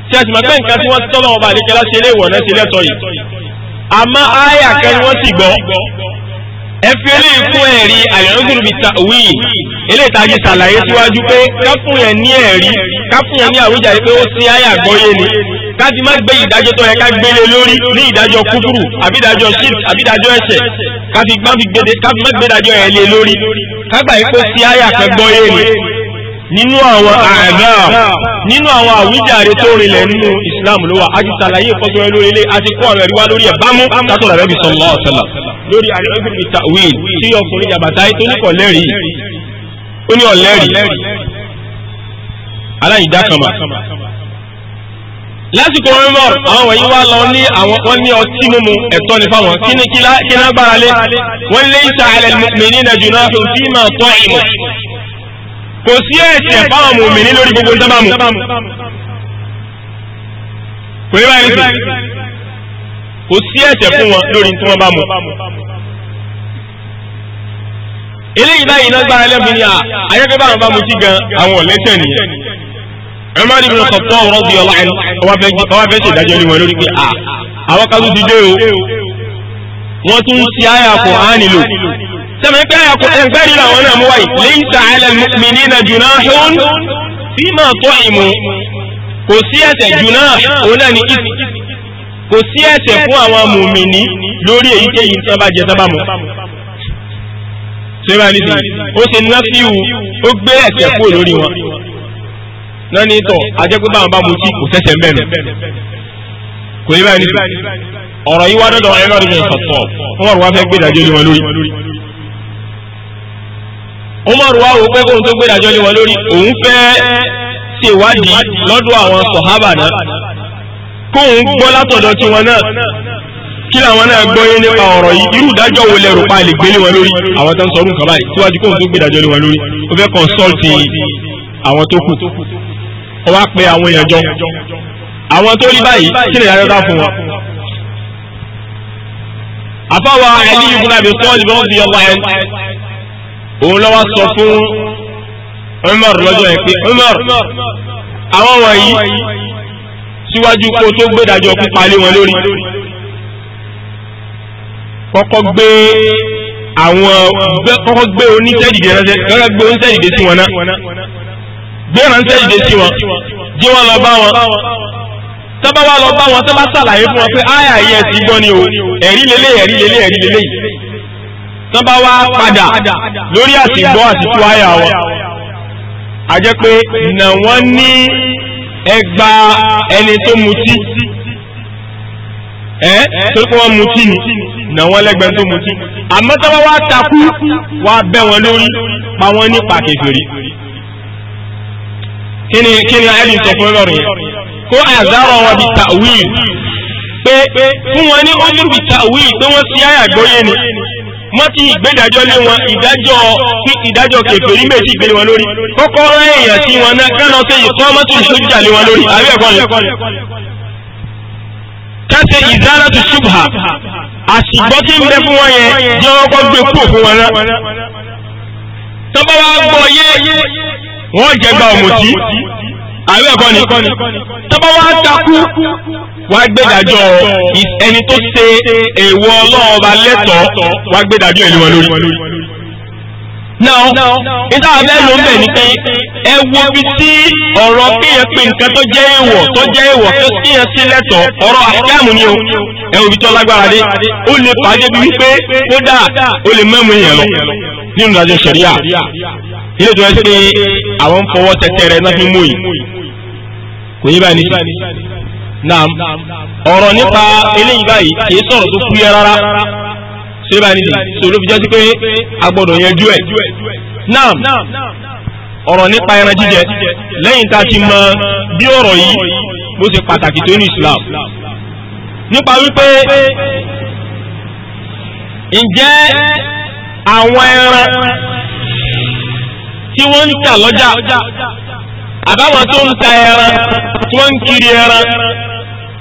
tí a sì máa pẹ́ nǹkan tí wọ́n ti tọ́lọ́ ọba àlekẹ́lá ṣe léwọ̀ náà ṣe lẹ́tọ̀ọ́ yìí àmọ́ ááyà kan ni wọ́n sì ẹ fi eléyìí kún ẹ̀rí àyọ̀rọ̀gùn bíi tàwíì eléyìí tàbí ṣàlàyé síwájú pé káfún yẹn ní ẹ̀rí káfún yẹn ní àwíjàre pé ó sin ayé àgbọ́yé ni káti má gbé ìdájọ́ tó yẹ ká gbélé lórí ní ìdájọ́ kúfúrù àbí ìdájọ́ shit àbí ìdájọ́ ẹ̀ṣẹ̀ káfi má gbé ìdájọ́ yẹn lé lórí kágbà yìí pé sin ayé àkàgbọ́yé ni nínú àwọn àgbà nínú àwọn àwíjàre tó rinlẹ̀ nínú Islam ló wà á ti ṣàlàyé ìfọ́sọ̀rọ̀ lórí ilé àti kó ọ̀rọ̀ ẹ̀rí wá lórí ẹ̀ bámú látọ̀rọ̀ rẹ̀ bí sallallahu alaihi lórí àríwájú tawil tí ọkùnrin jàbàtà tó ní kọ̀lẹ́rì ó ní ọ̀lẹ́rì aláìdákanmà lásìkò rẹmọ àwọn wọ̀nyí wá lọ ní àwọn wọn ní ọtí mímu ẹ̀tọ́ ní fáwọn kí ni kílá kí ná gbára lé wọn lé ìta ẹlẹmìnì náà jù náà fi máa tọ ìmọ̀ kò sí ẹ̀ṣẹ̀ fáwọn mòmìnì lórí gbogbo sábàmù kò ní báyìí kò sí ẹ̀ṣẹ̀ fún wọn lórí tí wọ́n bá mu. eléyìí báyìí iná gbára lẹ́bi ni àyẹ́kẹ́ bá wọn bá mu sí gan àwọn ọ̀lẹ́sẹ̀ nìyẹn. Umar ibn Khattab radiyallahu anhu ọwọ́ fẹ́ ṣe ìdájọ́ lé wọn lórí pé àwọn kan tó ti dé o wọ́n tún ń ṣe àyà Kùránì sẹ́mi pé àyà Kùránì ẹ̀ǹgbẹ́ rí làwọn náà mú wáyé laysa 'ala al-mu'minina junahun fima tu'imu kò sí ẹ̀ṣẹ̀ jù náà òun náà ní kò sí ẹ̀ṣẹ̀ fún àwọn mùmìnì lórí èyíkéyìí tán bá jẹ tán bá mu ṣé bá nísìnyí ó ṣe náfíù ó gbé ẹ̀ṣẹ̀ kúrò lórí wọn náà ní tọ̀ ajẹ́pẹ́ báwọn bá mutí kò sẹ́sẹ̀ ń bẹ̀rẹ̀ kò ní báyìí nísìnyí ọ̀rọ̀ yìí wá dọ́dọ̀ ẹ̀rọ ìrìn ìfọ̀fọ̀ Umaru wá fẹ́ gbé ìdájọ́ wọn lórí Umaru wá wò pé kóun tó gbé ìdájọ́ wọn lórí òun fẹ́ ṣèwádìí lọ́dọ̀ àwọn sọ̀hábà náà kóun gbọ́ látọ̀dọ̀ tiwọn náà kí làwọn náà gbọ́ yé nípa ọ̀rọ̀ yìí irú ìdájọ́ wo lẹ́rù pa lè gbélé wọn lórí àwọn tó ń sọrú nǹkan báyìí síwájú kóun tó gbé ìdájọ́ lé wọn lórí ó fẹ́ kọ́nsọ́ọ̀tì àwọn tó kù ó wá pe àwọn èèyàn jọ àwọn tó rí báyìí kí lè yára fún wọn. àfáwà ẹ̀lí ibùn àbí sọ́ọ̀lì bọ́ọ̀ di ọba ẹn òun lọ́wọ́ sọ fún Umar lọ́jọ́ yẹn pé Umar àwọn wọ̀nyí síwájú kó tó gbẹ́dàjọ́ pípa lé wọn lórí kọ́kọ́ gbé àwọn kọ́kọ́ gbé oníṣẹ́dìde ránṣẹ́ kọ́kọ́ gbé oníṣẹ́dìde sí wọn náà gbé ránṣẹ́dìde sí wọn jí wọn lọ bá wọn tọ́ba wa lọ bá wọn tọ́ba ṣàlàyé fún wọn pé àyà yẹn ti gbọ́ ni o ẹ̀rí lélẹ̀ ẹ̀rí lélẹ̀ ẹ̀rí lélẹ̀ yìí tọ́ba wa padà lórí àtìgbọ́ àtìtú àyà wọn a jẹ́ pé nà wọ́n ní ẹ gba ẹni tó mutí ẹ torí pé wọ́n mutí ni nà wọ́n lẹ́gbẹ̀ẹ́ tó mutí àmọ́ tí wọ́n wá takú wá bẹ́ wọn lórí pa wọ́n ní pàkẹ́fẹ́rí kí ni kí ni ayélujára sọ fún ọlọ́run yẹn kó àzárọ̀ wọn bíi ta'wil pé fún wọn ní ọdún bíi ta'wil pé wọ́n ti ayàgbọ́yé ni má ti ìgbédájọ́ lé wọn ìdájọ́ kí ìdájọ́ kèfèrí méjì gbé wọn lórí kọ́kọ́rọ́ èèyàn tí wọn náà kánà tó yìí kọ́ mọ́tò ìṣojà lé wọn lórí àbí ẹ̀kọ́ ni. káṣe ìzára tó ṣubha àṣìgbọ́ tí ń bẹ fún wọn yẹn jẹ́ wọ́n kọ́ gbé kúrò fún wọn náà. tọ́ba wa gbọ́ yé wọ́n jẹgba ọ̀mùtí àbí ẹ̀kọ́ ni tọ́ba wa takú wá gbẹ́dàjọ́ ẹni tó ṣe èèwọ̀ ọlọ́ọ̀ba lẹ́tọ̀ọ́ wá gbẹ́dàjọ́ ìlú wọn lórí. Now, ìta abẹ́ ló ń bẹ̀ ní pé ẹ wo bí sí ọ̀rọ̀ kéèyàn pé nǹkan tó jẹ́ èèwọ̀ tó jẹ́ èèwọ̀ tó kéèyàn sí lẹ́tọ̀ọ́ ọ̀rọ̀ àṣìkáàmù ni o ẹ wo bí tó lágbára dé ó lè pàdé bí wípé kódà ó lè mẹ́mu èèyàn lọ nínú ìdájọ́ ṣẹ̀ríà ilé ìtura ṣe àwọn fọwọ́ tẹ̀tẹ̀ rẹ̀ náà fi mú yìí kò yé báyìí naam ọ̀rọ̀ nípa eléyìí báyìí kì í sọ̀rọ̀ tó kúyẹ rárá ṣé báyìí nìyí so ló fi jẹ́ sí pé a gbọ́dọ̀ yanjú ẹ̀ naam ọ̀rọ̀ nípa ẹran jíjẹ lẹ́yìn tá a ti mọ bí ọ̀rọ̀ yìí bó ṣe pàtàkì tó ní Islam nípa wípé ǹjẹ́ àwọn ẹran tí wọ́n ń tà lọ́jà àbáwọn tó ń ta ẹran tí wọ́n ń kiri ẹran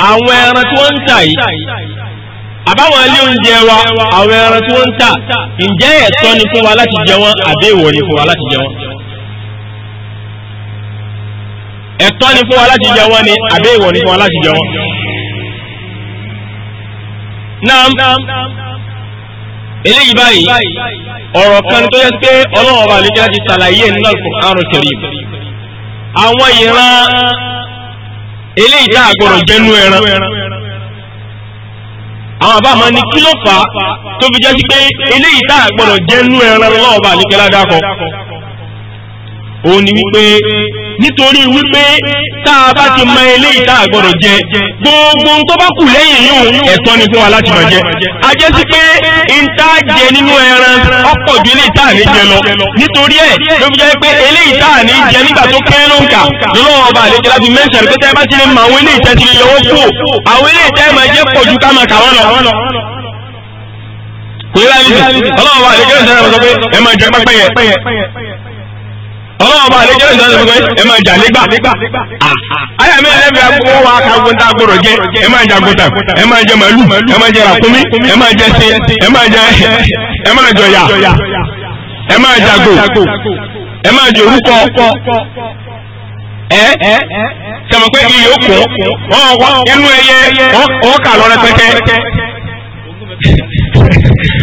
àwọn ẹran tí wọ́n ń tà yìí àbáwọn ilé oúnjẹ wa àwọn ẹran tí wọ́n ń tà ǹjẹ́ ẹ̀tọ́ ni fún wa láti jẹ wọ́n àbí èèwọ̀ ni fún wa láti jẹ wọ́n ẹ̀tọ́ ni fún wa láti jẹ wọ́n ni àbí èèwọ̀ ni fún wa láti jẹ wọ́n. naam eléyìí báyìí ọ̀rọ̀ kan tó yẹ pé ọlọ́wọ́n ọba àlejò láti ṣàlàyé nínú Al-Qur'an al àwọn ìran eléyìí tá àgbọ̀rọ̀ jẹ́nu ẹran àwọn àbá máa ní kí ló fà á tó fi jẹ́ sí pé eléyìí tá àgbọ̀rọ̀ jẹ́nu ẹran lọ́ọ̀bà àlékẹ́lá dákọ̀ òun ni wípé nítorí wípé tá a bá ti mọ eléyìí tá a gbọ́dọ̀ jẹ gbogbo tó bá kù lẹ́yìn yóò ẹ̀tọ́ ni fún wa láti máa jẹ a jẹ́ sí pé n tá a jẹ nínú ẹran ọ̀pọ̀ ju eléyìí tá a ní jẹ lọ nítorí ẹ̀ ló fi jẹ́ pé eléyìí tá a ní jẹ nígbà tó kẹ́ ló ń kà lọ́wọ́ ọba àlejò láti mẹ́sàn-án pé bá ti lè mọ àwọn eléyìí tẹ́ ti yọwọ́ kú àwọn eléyìí tẹ́ máa jẹ́ pọ̀ ju ká máa kà wọ́n lọ kò yẹ láyé ọlọ́wọ́ àlejò ọlọ́wọ́ bá àlejò ìjọ ìjọ ìjọ ẹ máa jà nígbà ayé mi ẹlẹ́bi agbowó wa kagbóńtà gbọ́dọ̀ jẹ ẹ máa jẹ agbóńtà ẹ máa jẹ màálù ẹ máa jẹ ẹ máa jẹ ẹ máa jẹ ẹ máa jọyà ẹ máa jago ẹ máa jẹ orúkọ ẹ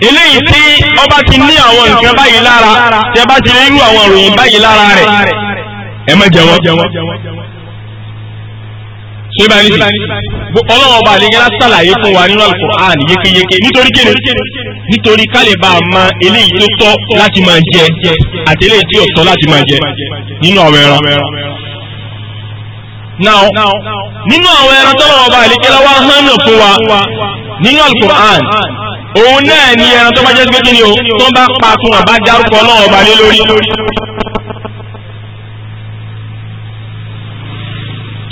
eléyìí tí ọba ti ní àwọn nǹkan báyìí lára tí ẹ bá ti rírú àwọn ìròyìn báyìí lára rẹ ẹ má jẹ wọ́n ṣé bá ní sí ọlọ́wọ́ ọba àlejò ṣàlàyé fún wa nínú Al-Qur'an yékéyéké nítorí kéde nítorí ká lè bá a mọ eléyìí tó tọ́ láti máa jẹ àti eléyìí tí ò láti máa jẹ nínú àwọn ẹran now nínú àwọn ẹran tọ́lọ́wọ́ ọba àlejò wa hàn fún wa nínú Al-Qur'an. òun náà ni ẹran tó bá jẹ́ pé kí ni o tó bá pa fún ọba dárúkọ náà ọba lé lórí.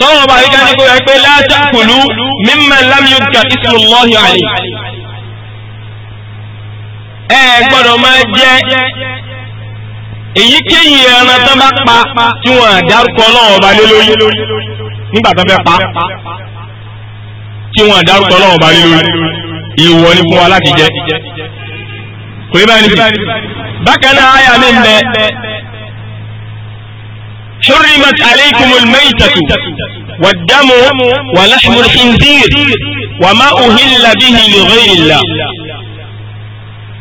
tọ́wọ́ ọba yìí dájú pé pé la ta'kulu mimman lam yudhkar ismullahi alayhi. ẹ gbọ́dọ̀ máa jẹ èyíkéyìí ẹran tó bá pa tí wọ́n dárúkọ náà ọba lé lórí nígbà tó fẹ́ pa tí wọ́n dárúkọ náà ọba lé lórí ìwọ ni fún wa láti jẹ kò yí báyìí nìyí bákan náà àyà mi ń bẹ حرمت عليكم الميتة والدم ولحم الخنزير وما أهل به لغير الله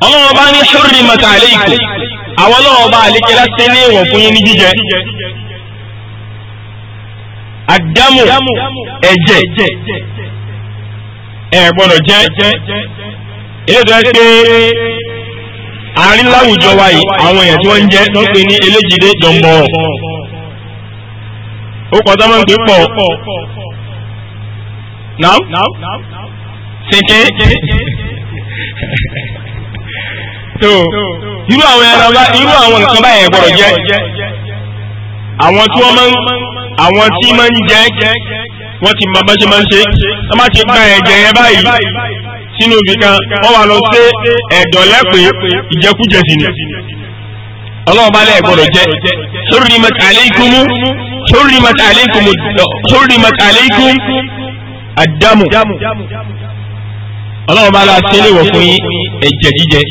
ọlọ́wọ́ bá ní ṣúrìmọ̀tà àléìkò àwọn ọlọ́wọ́ bá àlékẹ́ láti ní ìwọ̀ fún yín ní jíjẹ àdámù ẹ̀jẹ̀ ẹ gbọ́dọ̀ jẹ́ èyí tó ṣe àárín láwùjọ wa yìí àwọn èèyàn tí wọ́n ń jẹ́ ló ní eléjìdé jọ̀mọ̀ ó kọ́ tó máa ń pè pọ̀ náà ṣèké tó irú àwọn ẹran bá irú àwọn nǹkan báyẹn gbọ́dọ̀ jẹ́ àwọn tí wọ́n máa ń jẹ́ wọ́n ti máa bá ṣe máa ń ṣe wọ́n máa ti gba ẹ̀jẹ̀ yẹn báyìí sínú ibì kan wọ́n wà lọ sí ẹ̀dọ̀ lẹ́pẹ́ ìjẹkújẹ sí ni ọlọ́ọ̀bá lẹ́ẹ̀ gbọ́dọ̀ jẹ́ hurrimat alaykum hurrimat alaykum hurrimat alaykum ad-damu ọlọ́ọ̀bá la sílẹ̀ wọ̀ fún yín ẹ̀jẹ̀ jíjẹ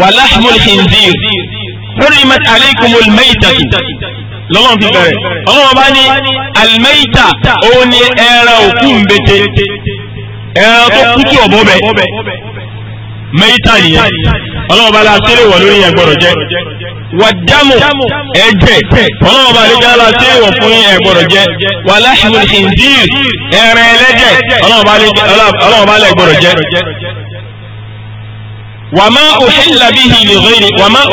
wa lahmul khinzir hurrimat alaykumul maytatu lọ́wọ́n fi bẹ̀rẹ̀ ọlọ́wọ́n bá ní alimẹ́yìtà òun ni ẹran òkú ńbete ẹran tó kú tí ọ̀bọ bẹ mẹ́yìtà nìyẹn ọlọ́wọ́n bá la sílẹ̀ wọ̀ lórí yẹn gbọ́dọ̀ jẹ́ wàjámù ẹ̀jẹ̀ ọlọ́wọ́n bá lẹ́jọ́ la sílẹ̀ wọ̀ fún yẹn gbọ́dọ̀ jẹ́ wàláhùn ìndír ẹran ẹlẹ́jẹ̀ ọlọ́wọ́n bá lẹ́ gbọ́dọ̀ jẹ́ wàmá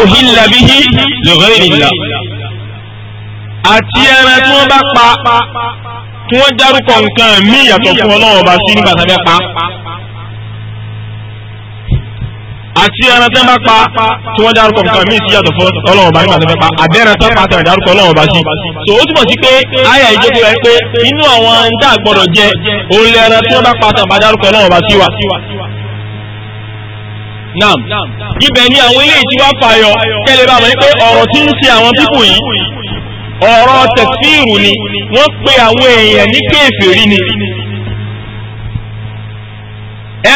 òhìnlábíhi lè àti ẹran tí wọ́n bá pa tí wọ́n dárúkọ nǹkan míì yàtọ̀ fún ọlọ́wọ́ bá sí nígbà tàbí pa àti ẹran tí wọ́n bá pa tí wọ́n dárúkọ nǹkan míì sí yàtọ̀ fún ọlọ́wọ́ bá nígbà tàbí pa àbẹ́rẹ́ tó pa tàbí dárúkọ ọlọ́wọ́ bá sí. so ó túbọ̀ sí pé àyà ìjókòó rẹ̀ pé inú àwọn ń dá gbọ́dọ̀ jẹ òun lẹ́ran tí wọ́n bá pa tàbí dárúkọ ọlọ́wọ́ bá sí wa naam ibẹ̀ ni àwọn ilé ìtiwá fàyọ kẹ́lẹ́ bá wọn ọ̀rọ̀ tẹ̀síìrù ni wọ́n pe àwọn èèyàn ní kéèfèrí ni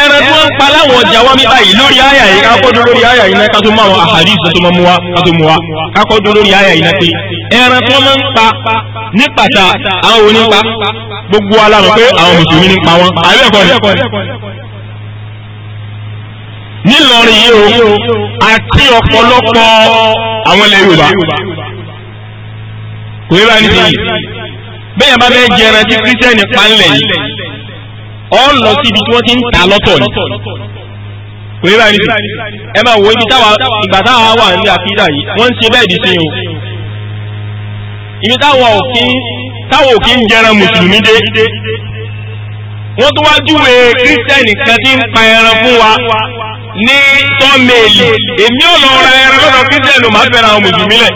ẹran tí wọ́n ń pa láwọn ọjà wọ́n mi báyìí lórí àyà yìí kákọ́dún lórí àyà yìí náà ká mú àwọn àhàdìsì tó mú wa ká mú wa kákọ́dún lórí àyà yìí náà pé ẹran tí wọ́n máa ń pa ní pàtà àwọn onípa gbogbo aláàmọ̀ pé àwọn mùsùlùmí ní pa wọn àbẹ́ẹ̀kọ́ ni nílọrin yìí o àti ọ̀pọ̀lọpọ̀ àwọn ilẹ̀ Yorùbá kò yẹ bá ní sèyí bẹ́ẹ̀ bá bẹ́ẹ̀ jẹ́ ẹran tí kírísítẹ́nì pa ńlẹ̀ yìí ọ lọ sí ibi tí wọ́n ti ń ta lọ́tọ̀ ni kò yẹ bá ní sèyí ẹ máa wo ibi táwa ìgbà táwa wà ní àkídà yìí wọ́n ń ṣe bẹ́ẹ̀ dì sí o ibi táwa òfin táwa òfin jẹran mùsùlùmí dé wọ́n tó wá júwe kírísítẹ́nì kan tí ń pa ẹran fún wa ní tọ́mẹ̀lì èmi ò lọ ra ẹran lọ́dọ̀ kírísítẹ́nì ò máa fẹ́ràn àwọn mùsùlùmí lẹ̀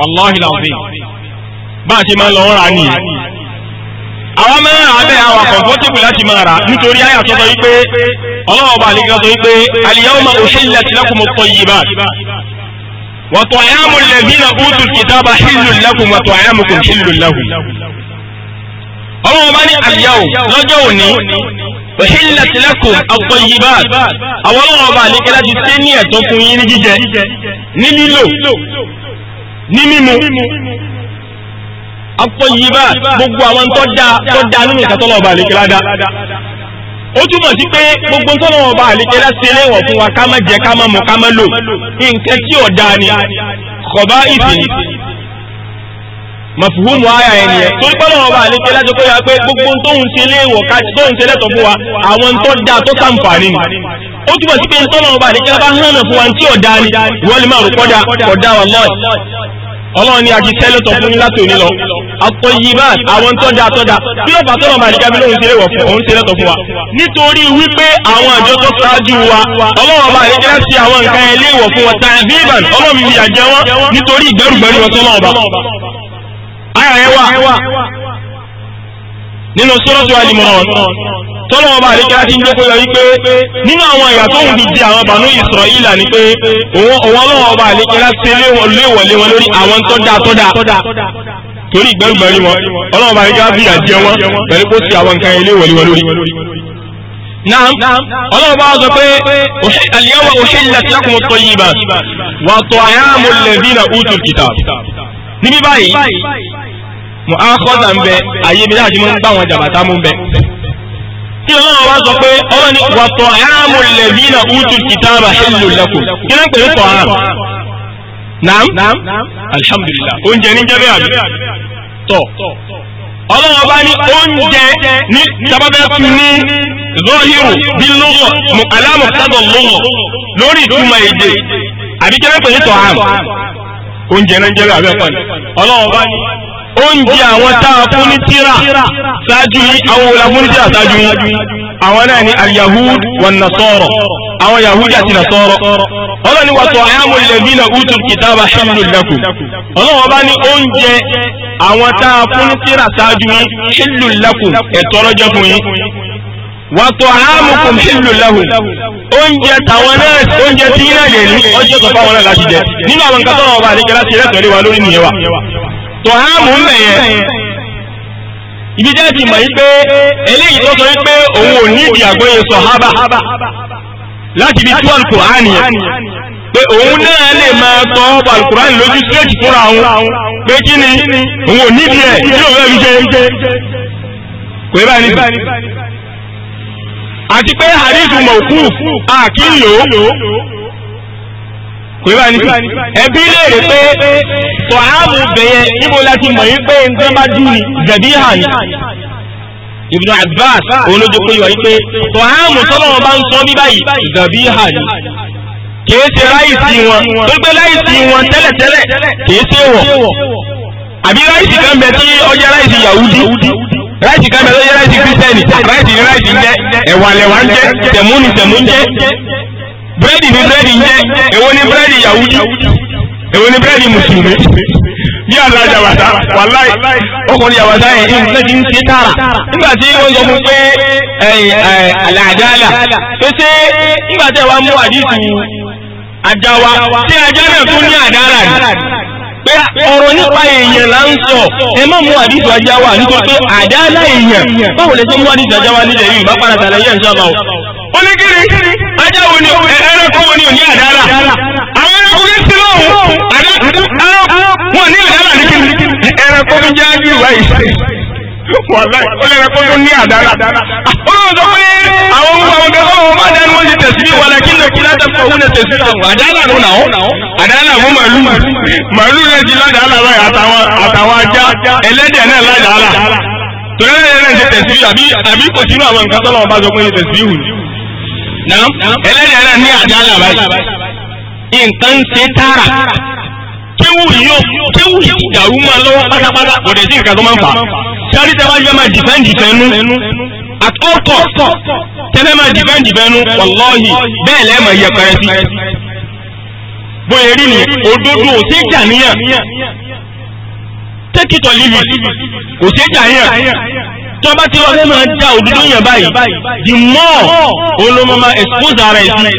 wàláhì làwìn bá a ṣe máa ń lọ rà nìyí àwọn mẹ́rin abẹ́ àwọn kọ̀ǹfọ́tébù láti máa rà nítorí àyà sọ́tọ̀ yìí pé ọlọ́wọ́ bá àlejò sọ yìí pé al-yawma uhillat lakumu at-tayyibat wa ta'amu alladhina ọlọ́wọ́ bá ní al láti sé ní ẹ̀tọ́ fún yín ní jíjẹ ní lílò ní mímu àpọ̀yìnbá gbogbo àwọn tó dáa tó dáa nínú ìkàtọ́lọ̀ ọba àlekèlá dá ó túmọ̀ sí pé gbogbo tọ́lọ̀ ọba àlekèlá ṣe léwọ̀ fún wa ká má jẹ ká má mu ká má lò nǹkan tí ò dáa ni kọ̀bá ìfì mọ̀fùhùmù àyà ẹni ẹ̀ torí pé ọlọ́run ọba àlékè láti kó yà pé gbogbo tóun ṣe léèwọ̀ ká tóun ṣe lẹ́tọ̀ fún wa àwọn tó da tó sàǹfààní ni ó túbọ̀ sí pé ọlọ́run ọba àlékè bá hànà fún wa tí ọ̀dà ni wọ́n lè máa rò kọ́dà kọ́dà wà lọ́ọ̀ ọlọ́run ni àti tẹ́lẹ̀tọ̀ fún yín látòní lọ àtọ̀yìnbá àwọn tọ́jà tọ́jà tí ó bá tọ́lọ̀ máa dìgbà bílóhùn sí ẹ̀wọ̀ fún òun tẹ́lẹ̀tọ̀ fún wa nítorí wípé àwọn àjọ tó ṣáájú wa ọlọ́run bá àríkẹ́ sí àwọn nǹkan ẹlẹ́wọ̀ fún wọn tàbí ìbàn ọlọ́run fi àjẹ wọn nítorí ìgbẹ́rùgbẹ́rù wọn yẹn wà nínú sọ́rọ́tù alìmọ̀ràn tọ́lọ́ ọba àríkẹ́lá ti ń jẹ́ kóyọ wípé nínú àwọn ìyà tó ń dìde àwọn bànú Ísírẹ́lì ni pé òun ọlọ́wọ́ ọba àríkẹ́lá ṣe léwọ̀lé wọn lórí àwọn tọ́dá tọ́dá torí ìgbẹ́rùgbẹ́rí wọn ọlọ́wọ́ ọba àríkẹ́lá fìyà jẹ wọn pẹ̀lú kó ti àwọn nǹkan iléwọ̀lé wọn lórí. نعم الله بعض اليوم أحلت لكم الطيبات وطعام الذين أوتوا الكتاب نبي باي mọ akọ́dà ń bẹ ayé mi láti máa ń gbà wọn jàbàtà mú bẹ. kí ló náà wá sọ pé ọwọ́ ni wàtọ̀ àyàmú lẹ́bí náà útù kìtàbà ẹ̀lò lẹ́kùn kí ló ń pèrè tọ̀ àrùn. naam alhamdulillah oúnjẹ ní jẹ́bẹ́ àbí tọ̀ ọlọ́wọ́ bá ní oúnjẹ ní sábàbẹ́ tu ní zọ́hírù bí lóhọ̀ alámọ̀tàdọ̀ lóhọ̀ lórí ìtumọ̀ èdè àbí kí ló ń pèrè tọ̀ àrùn oúnjẹ náà jẹ́bẹ́ àbí ọ̀pọ̀ ọlọ́wọ́ bá ní oúnjẹ àwọn táa fún ní tíra ṣáájú yìí àwọn òwúlà fún ní tíra ṣáájú yìí àwọn náà ni al-yahud wan nasara àwọn yahudi àti nasara ọlọ́run ni wàtò àyàmú alladhina utul kitaba hillul lakum ọlọ́run ọba ní oúnjẹ àwọn táa fún ní tíra ṣáájú yìí hillul lakum ẹ̀tọ́ ló jẹ́ fún yín wàtò àyàmùkùn hillul lahum oúnjẹ tàwọn náà oúnjẹ tí yín náà lè ní ọjọ́ tò há ń ibi jẹ́ ti mọ̀ eléyìí tó sọ wípé òun ò ní ìdí àgbóyè sọ̀hábà láti ibi tú alukur'ani yẹn pé òun náà lè máa tọ́ ọ̀pọ̀ lójú fúnra òun pé kí ni òun ò nídìí ẹ̀ kò báyìí níbi àti pé kò bá níbi ẹbí léèrè pé tọ́hámù bẹ̀yẹ níbo láti mọ̀ yí pé nǹkan bá dùn ní zabiha ni Ibn Abbas òun ló jókòó yìí wá yí pé tọ́hámù sọ́nà wọn bá ń sọ bí báyìí zabiha ni kìí ṣe ráìsì wọn tó gbé ráìsì wọn tẹ́lẹ̀tẹ́lẹ̀ kìí ṣe wọ̀ àbí ráìsì kan bẹ tó ọjà ráìsì Yahudi ráìsì kan bẹ tó ọjà ráìsì kírísítẹ́nì ráìsì ni ráìsì ń jẹ ẹ̀wà lẹ̀wà ń jẹ tẹ̀mú ni tẹ̀mú ń jẹ búrẹ́dì ni búrẹ́dì ń jẹ́ èwo ni búrẹ́dì yahudi èwo ni búrẹ́dì mùsùlùmí bí àlá jàbàtà wàláì ọkùnrin jàbàtà yẹn ní ti ń ṣe tààrà nígbà tí wọ́n sọ fún pé àlàádáàlà tó ṣe nígbà tí wàá mú àdìsù àjáwa tí ajá náà tún ní àdáàlà rí pé ọ̀rọ̀ nípa èèyàn là ń sọ ẹ má mú àdìsù ajáwa nítorí pé àdáàlà èèyàn báwo lè ṣe mú àdìsù ajáwa nílẹ̀ yìí bá padà tàlẹ́ yẹn ń sábà o. ó ajá wo ni ẹranko wo ni ò ní àdára àwọn ẹranko kí sí lóhùn wọn ní àdára ní kí ẹranko tó jẹ́ ájú ìwà yìí wàláì ó lè ẹranko tó ní àdára. olóòwò sọ pé àwọn ohun àwọn ọmọdé wọn máa dání wọn ti tẹ̀sí bí wàlá kí lóòkì láti fọ owó náà tẹ̀sí àwọn àdára ló nà ó àdára mú màálù màálù náà ti ládàá lára àtàwọn àtàwọn ajá ẹlẹ́dẹ̀ náà ládàá lá torí ẹlẹ́dẹ̀ náà ti tẹ̀sí àbí kò sínú àwọn nǹkan tọ́lọ́wọ́ bá sọ pé ní tẹ̀sí hù ní ẹlẹ́dẹ̀ náà ní àjálà báyìí nǹkan ṣe tààrà kéwù yóò kéwù ìdàrú máa lọ́wọ́ pátápátá kò dẹ̀ sí nǹkan tó máa ń fà sáré tẹ́ bá jẹ́ máa dìfẹ́ǹdì fẹ́nu àtọ́tọ̀ tẹ́lẹ̀ máa dìfẹ́ǹdì fẹ́nu wàlọ́ọ̀hì bẹ́ẹ̀ lẹ́ẹ̀ máa yẹ pẹ́rẹ́ sí bóyá rí ni òdodo ò sí jà níyàn take it or leave it kò sí jà níyàn tí bá ti wá fún ọjà òdodo yẹn báyìí the more òun expose ara ẹ̀ sí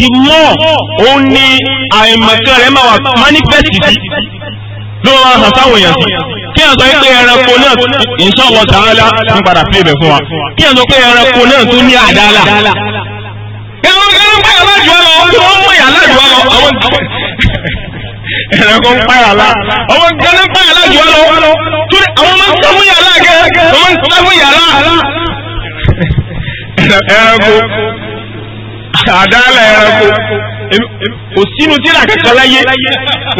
the more òun ni àìmọ̀kan rẹ̀ máa wà manifest sí ló máa hàn sáwọn èèyàn sí kí ẹ̀ sọ pé ẹranko náà inshallah ta'ala ń padà fi ibẹ̀ fún wa kí ẹ̀ sọ pé ẹranko náà tún ní àdáàlà. ẹ̀rọ kí ló ń bá yàrá jù ọ lọ wọ́n mú yàrá jù lọ àwọn ẹ̀rọ ń pààyà lá ọmọ nǹkan ní pààyà lá jù wá lọ torí àwọn máa ń sá fún yàrá gẹ ọmọ ń sá fún yàrá ẹranko àdáàlà ẹranko kò sínú tíra kẹkẹ láyé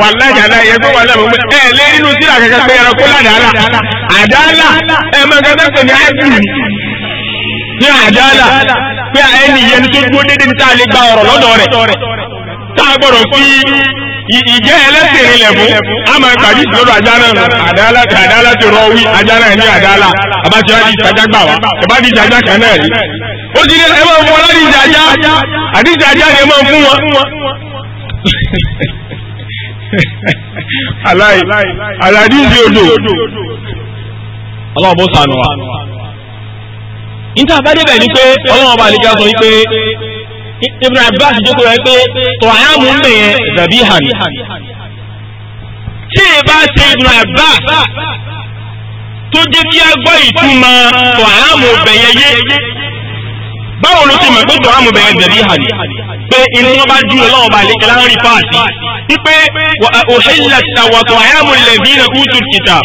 wà lájà láyé ẹgbẹ́ wà láàmú ẹ lé nínú tíra kẹkẹ pé ẹranko ládàálà àdáàlà ẹ máa kẹkẹ pè ní áìsìrì ní àdáàlà pé ẹni yẹn tó dúró déédéé níta lè gba ọ̀rọ̀ lọ́dọ̀ rẹ̀. tá a gbọ́dọ̀ fi ìjẹ́ ẹlẹ́sìn rinlẹ̀ fún a máa gbàdí ìṣòro ajá náà àdáálá ti rọ wí ajá náà ní àdáálá àbájọ di gbà wá ẹ di ìtajà kan náà rí ó ti ní ẹ fún wọn láti wọn. aláì odò sànù wa. bá débẹ̀ ni pé ibn abbas jókòó rẹ̀ pé tọ̀hámù ń bẹ̀ yẹn zabi hami tí ì bá ṣe ibn abbas tó jẹ́ kí a gbọ́ ìtumọ̀ tọ̀hámù bẹ̀yẹ yé báwo ló ti mọ̀ pé tọ̀hámù bẹ̀yẹ zabi hami pé inú wọn bá ju ọlọ́wọ́ bá lékelá ń rí páàsì wípé òhìlẹ̀ tàwọ̀tọ̀ àyàmù lẹ̀bínà utul kìtà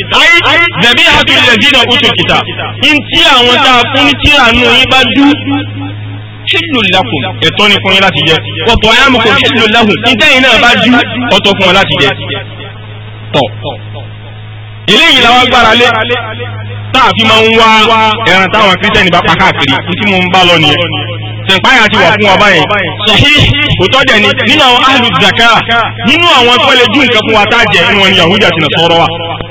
ayé zabi hatu lẹ̀bínà utul kìtà ní àwọn tá a fún ní tí àánú yín bá dú hìlù lakum ẹ̀tọ́ ni fún yín láti jẹ ọ̀tọ̀ ayamukum hìlù lahum ìtẹ́yìn náà bá ju ọ̀tọ̀ fún wọn láti jẹ tọ̀ eléyìí làwọn gbára lé táàfin máa ń wá ẹran táwọn kírísítẹ́nì bá pa káàkiri tí mo ń bá lọ nìyẹn tẹ̀páyà ti wà fún wa báyìí sọ̀hí òtọ́ ni nínú àwọn ahlu zaka nínú àwọn tó ju nǹkan fún wa tá a jẹ nínú wọn yahudu àti nasọrọ wa.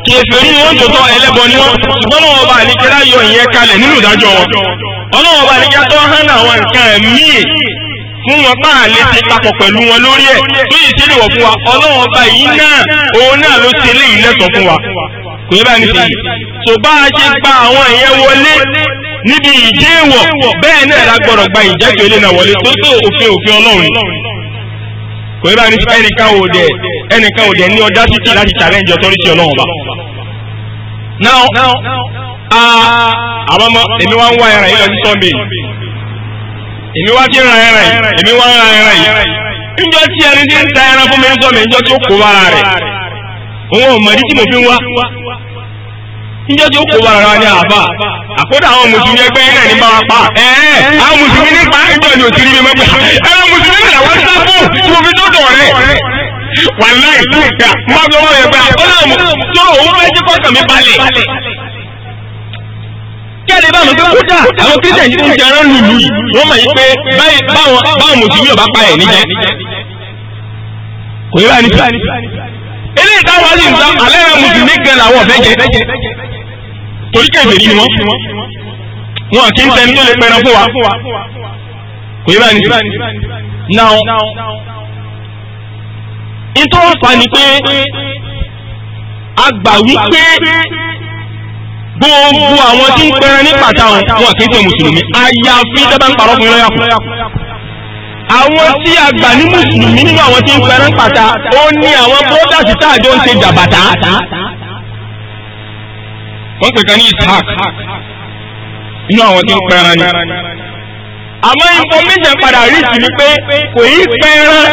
kèfèrí ni wọn ni wọn ṣùgbọ́n wọn bá yọ ìyẹn kalẹ̀ nínú ìdájọ́ wọn ọlọ́wọ́n bá àlekẹ́lá tó hàn àwọn nǹkan míì fún wọn bá ti papọ̀ pẹ̀lú wọn lórí ẹ̀ tó yìí lè wọ̀ fún wa ọlọ́wọ́n bá yìí náà òun náà níbi ìjẹ́ e bẹ́ẹ̀ náà la gbọ́dọ̀ gba ìjẹ́jọ́ ilé náà wọlé tó tó òfin òfin ọlọ́run kò ní bá ní ẹnìkan ò dẹ̀ ẹnìkan ò dẹ̀ ní ọjà títì láti challenge authority ọlọ́run bá. now àwọn ọmọ èmi wá ń èmi wá ti ń ra ẹran yìí èmi wá ń ra ẹran yìí níjọ tí ẹni tí ń ta ẹran fún mi ń sọ mi níjọ níjọ́ tí ó kó bára wa ní àbá àkódà àwọn mùsùlùmí ẹgbẹ́ yẹn náà ní bá wa pa ẹ ẹ àwọn mùsùlùmí nípa ẹjọ́ ni òtí rí mi mọ́ pé ẹ̀rọ mùsùlùmí náà wọ́n sá fún tí mo fi tó dọ̀ rẹ̀ wàláì máa fi ọmọ yẹn gbé àkódà àwọn tó òun fẹ́ jẹ́ kọ́kàn balẹ̀ kẹ́lẹ́ bá mi pé àwọn kírísítẹ̀ ti ń jẹran lùlù yìí wọ́n mọ̀ pé báwọn mùsùlùmí ọ̀bá pa ẹ̀ níjẹ́ kò yẹ báyìí ilé ìdáwà ní ìgbà alẹ́ra mùsùlùmí gan làwọn ọ̀fẹ́ jẹ torí kẹfẹ́ ni wọn wọn kì í tẹni tó lè pẹran fún wa kò yẹ báyìí now nítorí wọn ni pé a wípé gbogbo àwọn tí ń pẹran ní pàtàkùn wọn kì í ṣe mùsùlùmí àyàfi dábàá ń parọ́ fún yín lọ́yà àwọn tí a gbà ní mùsùlùmí nínú àwọn tí ń pẹran pàtà ó ní àwọn bródàsì táàjọ ń ṣe jàbàtà wọ́n pè kan ní ishaq nínú àwọn tí ń pẹran ni àmọ́ information padà rí sí ni pé kò yí pẹran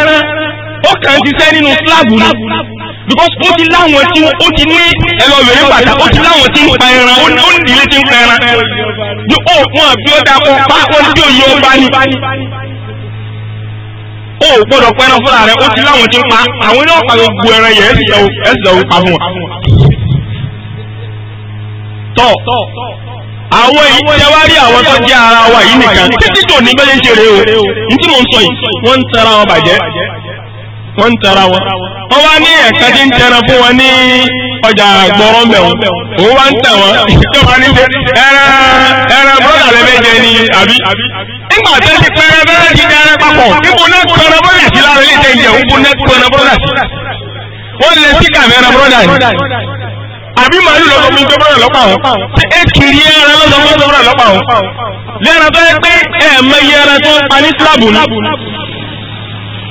ó kàn ń ṣiṣẹ́ nínú slab ni because ó ti láwọn tí ó ti ní ẹlọ́wẹ̀rẹ́ pàtà ó ti láwọn tí ń pa ẹran ó ní ìdílé tí ń pa ẹran ní òògùn àbí ó dapò pa ó ní bí òye ọba ni ó gbọ́dọ̀ pẹ́ náà fúnra rẹ̀ ó ti láwọn ti ń pa àwọn iná ọ̀pá gbogbo ẹran yẹn ẹ̀sì lọ́wọ́ pa fún wọn. tọ́ àwọn ìjẹwárí àwọn tó jẹ́ ara wa yìí nìkan títí tòní bẹ́ẹ̀ ṣe rèé o ní tí mò ń sọ yìí wọ́n ń tẹ́ra wọn bàjẹ́ wọ́n ń tara wọn. wọ́n wá ní ẹ̀ka tí ń tẹran fún wọn ní ọjà gbọ́rọ́ mẹ́wọ̀n òun wá ń tẹ̀ wọ́n tó wá ní pé ẹran ẹran bọ́dà rẹ méje ni àbí. nígbà tó ti pẹ́ ẹran bẹ́rẹ̀ ti dẹ́rẹ́ papọ̀ níbo náà tó ẹran bọ́dà sí lára ilé ìtẹ̀ ìjẹun níbo náà tó ẹran bọ́dà sí. àbí màálù lọ́kọ̀ mi gbẹ́bọ́rọ̀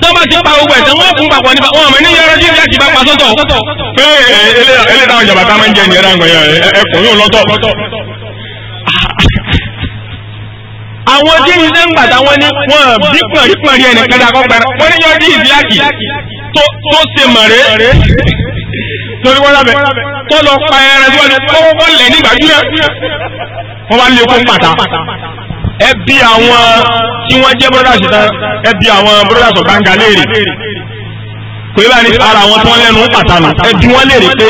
tó bá ti pa owó ẹ̀sẹ̀ wọ́n fún papọ̀ nípa wọn àmì ní yọrọ jí ìyá jìbá pa sọ́tọ̀. pé eléyà àwọn jàbàtà máa ń jẹ nìyẹn ráńgbọ̀n yẹn yóò lọ́tọ̀. àwọn tí ń sẹ́ ń gbàtà wọn ni wọn bí pọ̀nrí pọ̀nrí ẹnì kan dà kọ́ pẹ̀rẹ́ wọ́n ní yọrọ jí ìbíláàkì tó ṣe mọ̀rẹ́ torí wọ́n lábẹ́ tó lọ pa ẹran tí wọ́n lè nígbàdúrà ẹbí àwọn tí wọ́n jẹ́ broda tán ẹbí àwọn brothers broda banga léèrè kò yẹ ara àwọn tí wọ́n lẹ́nu pàtàkì ẹbí wọ́n léèrè pé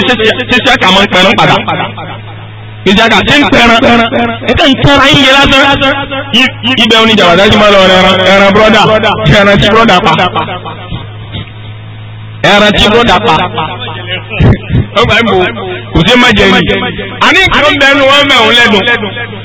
ṣẹṣẹ kà pẹ̀rún padà ìjàgà tí ń pẹ̀rán ẹ̀tẹ́ ń tẹ́ra ń yẹ lásán ibẹ̀ òní jàbàdá jí máa lọ ẹran bọ́dà ẹran ti bọ́dà pa ẹran tí bọ́dà pa ọgbà ẹ̀bù kò sí má jẹ ní. àní nǹkan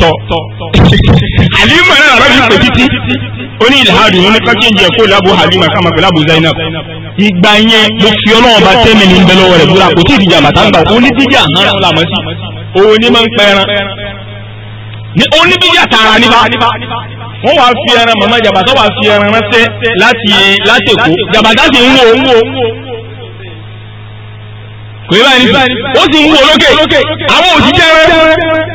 tọ̀ àlìmà náà làbẹ́ fi pè títí oní ìlàhàdù wọn ní kákí ìjẹ kó lábò àlìmà kàmà pẹ̀lú àbò zainab ìgbà yẹn mo fi ọlọ́wọ́n bá tẹ́mi ní bẹ lọ́wọ́ rẹ̀ búra kò tí ì dìjà bàtà ń gbà ó ní dìjà hàn án làmọ́ sí òun ní máa ń pẹran ó ní dìjà tààrà níbà wọ́n wá fi ẹran màmá jàbàtà wá fi ẹran ránṣẹ́ láti láti èkó jàbàtà sì ń wò ń wò kò yẹ báyìí ó sì ń wò lókè àwọn òṣìṣẹ́ rẹ̀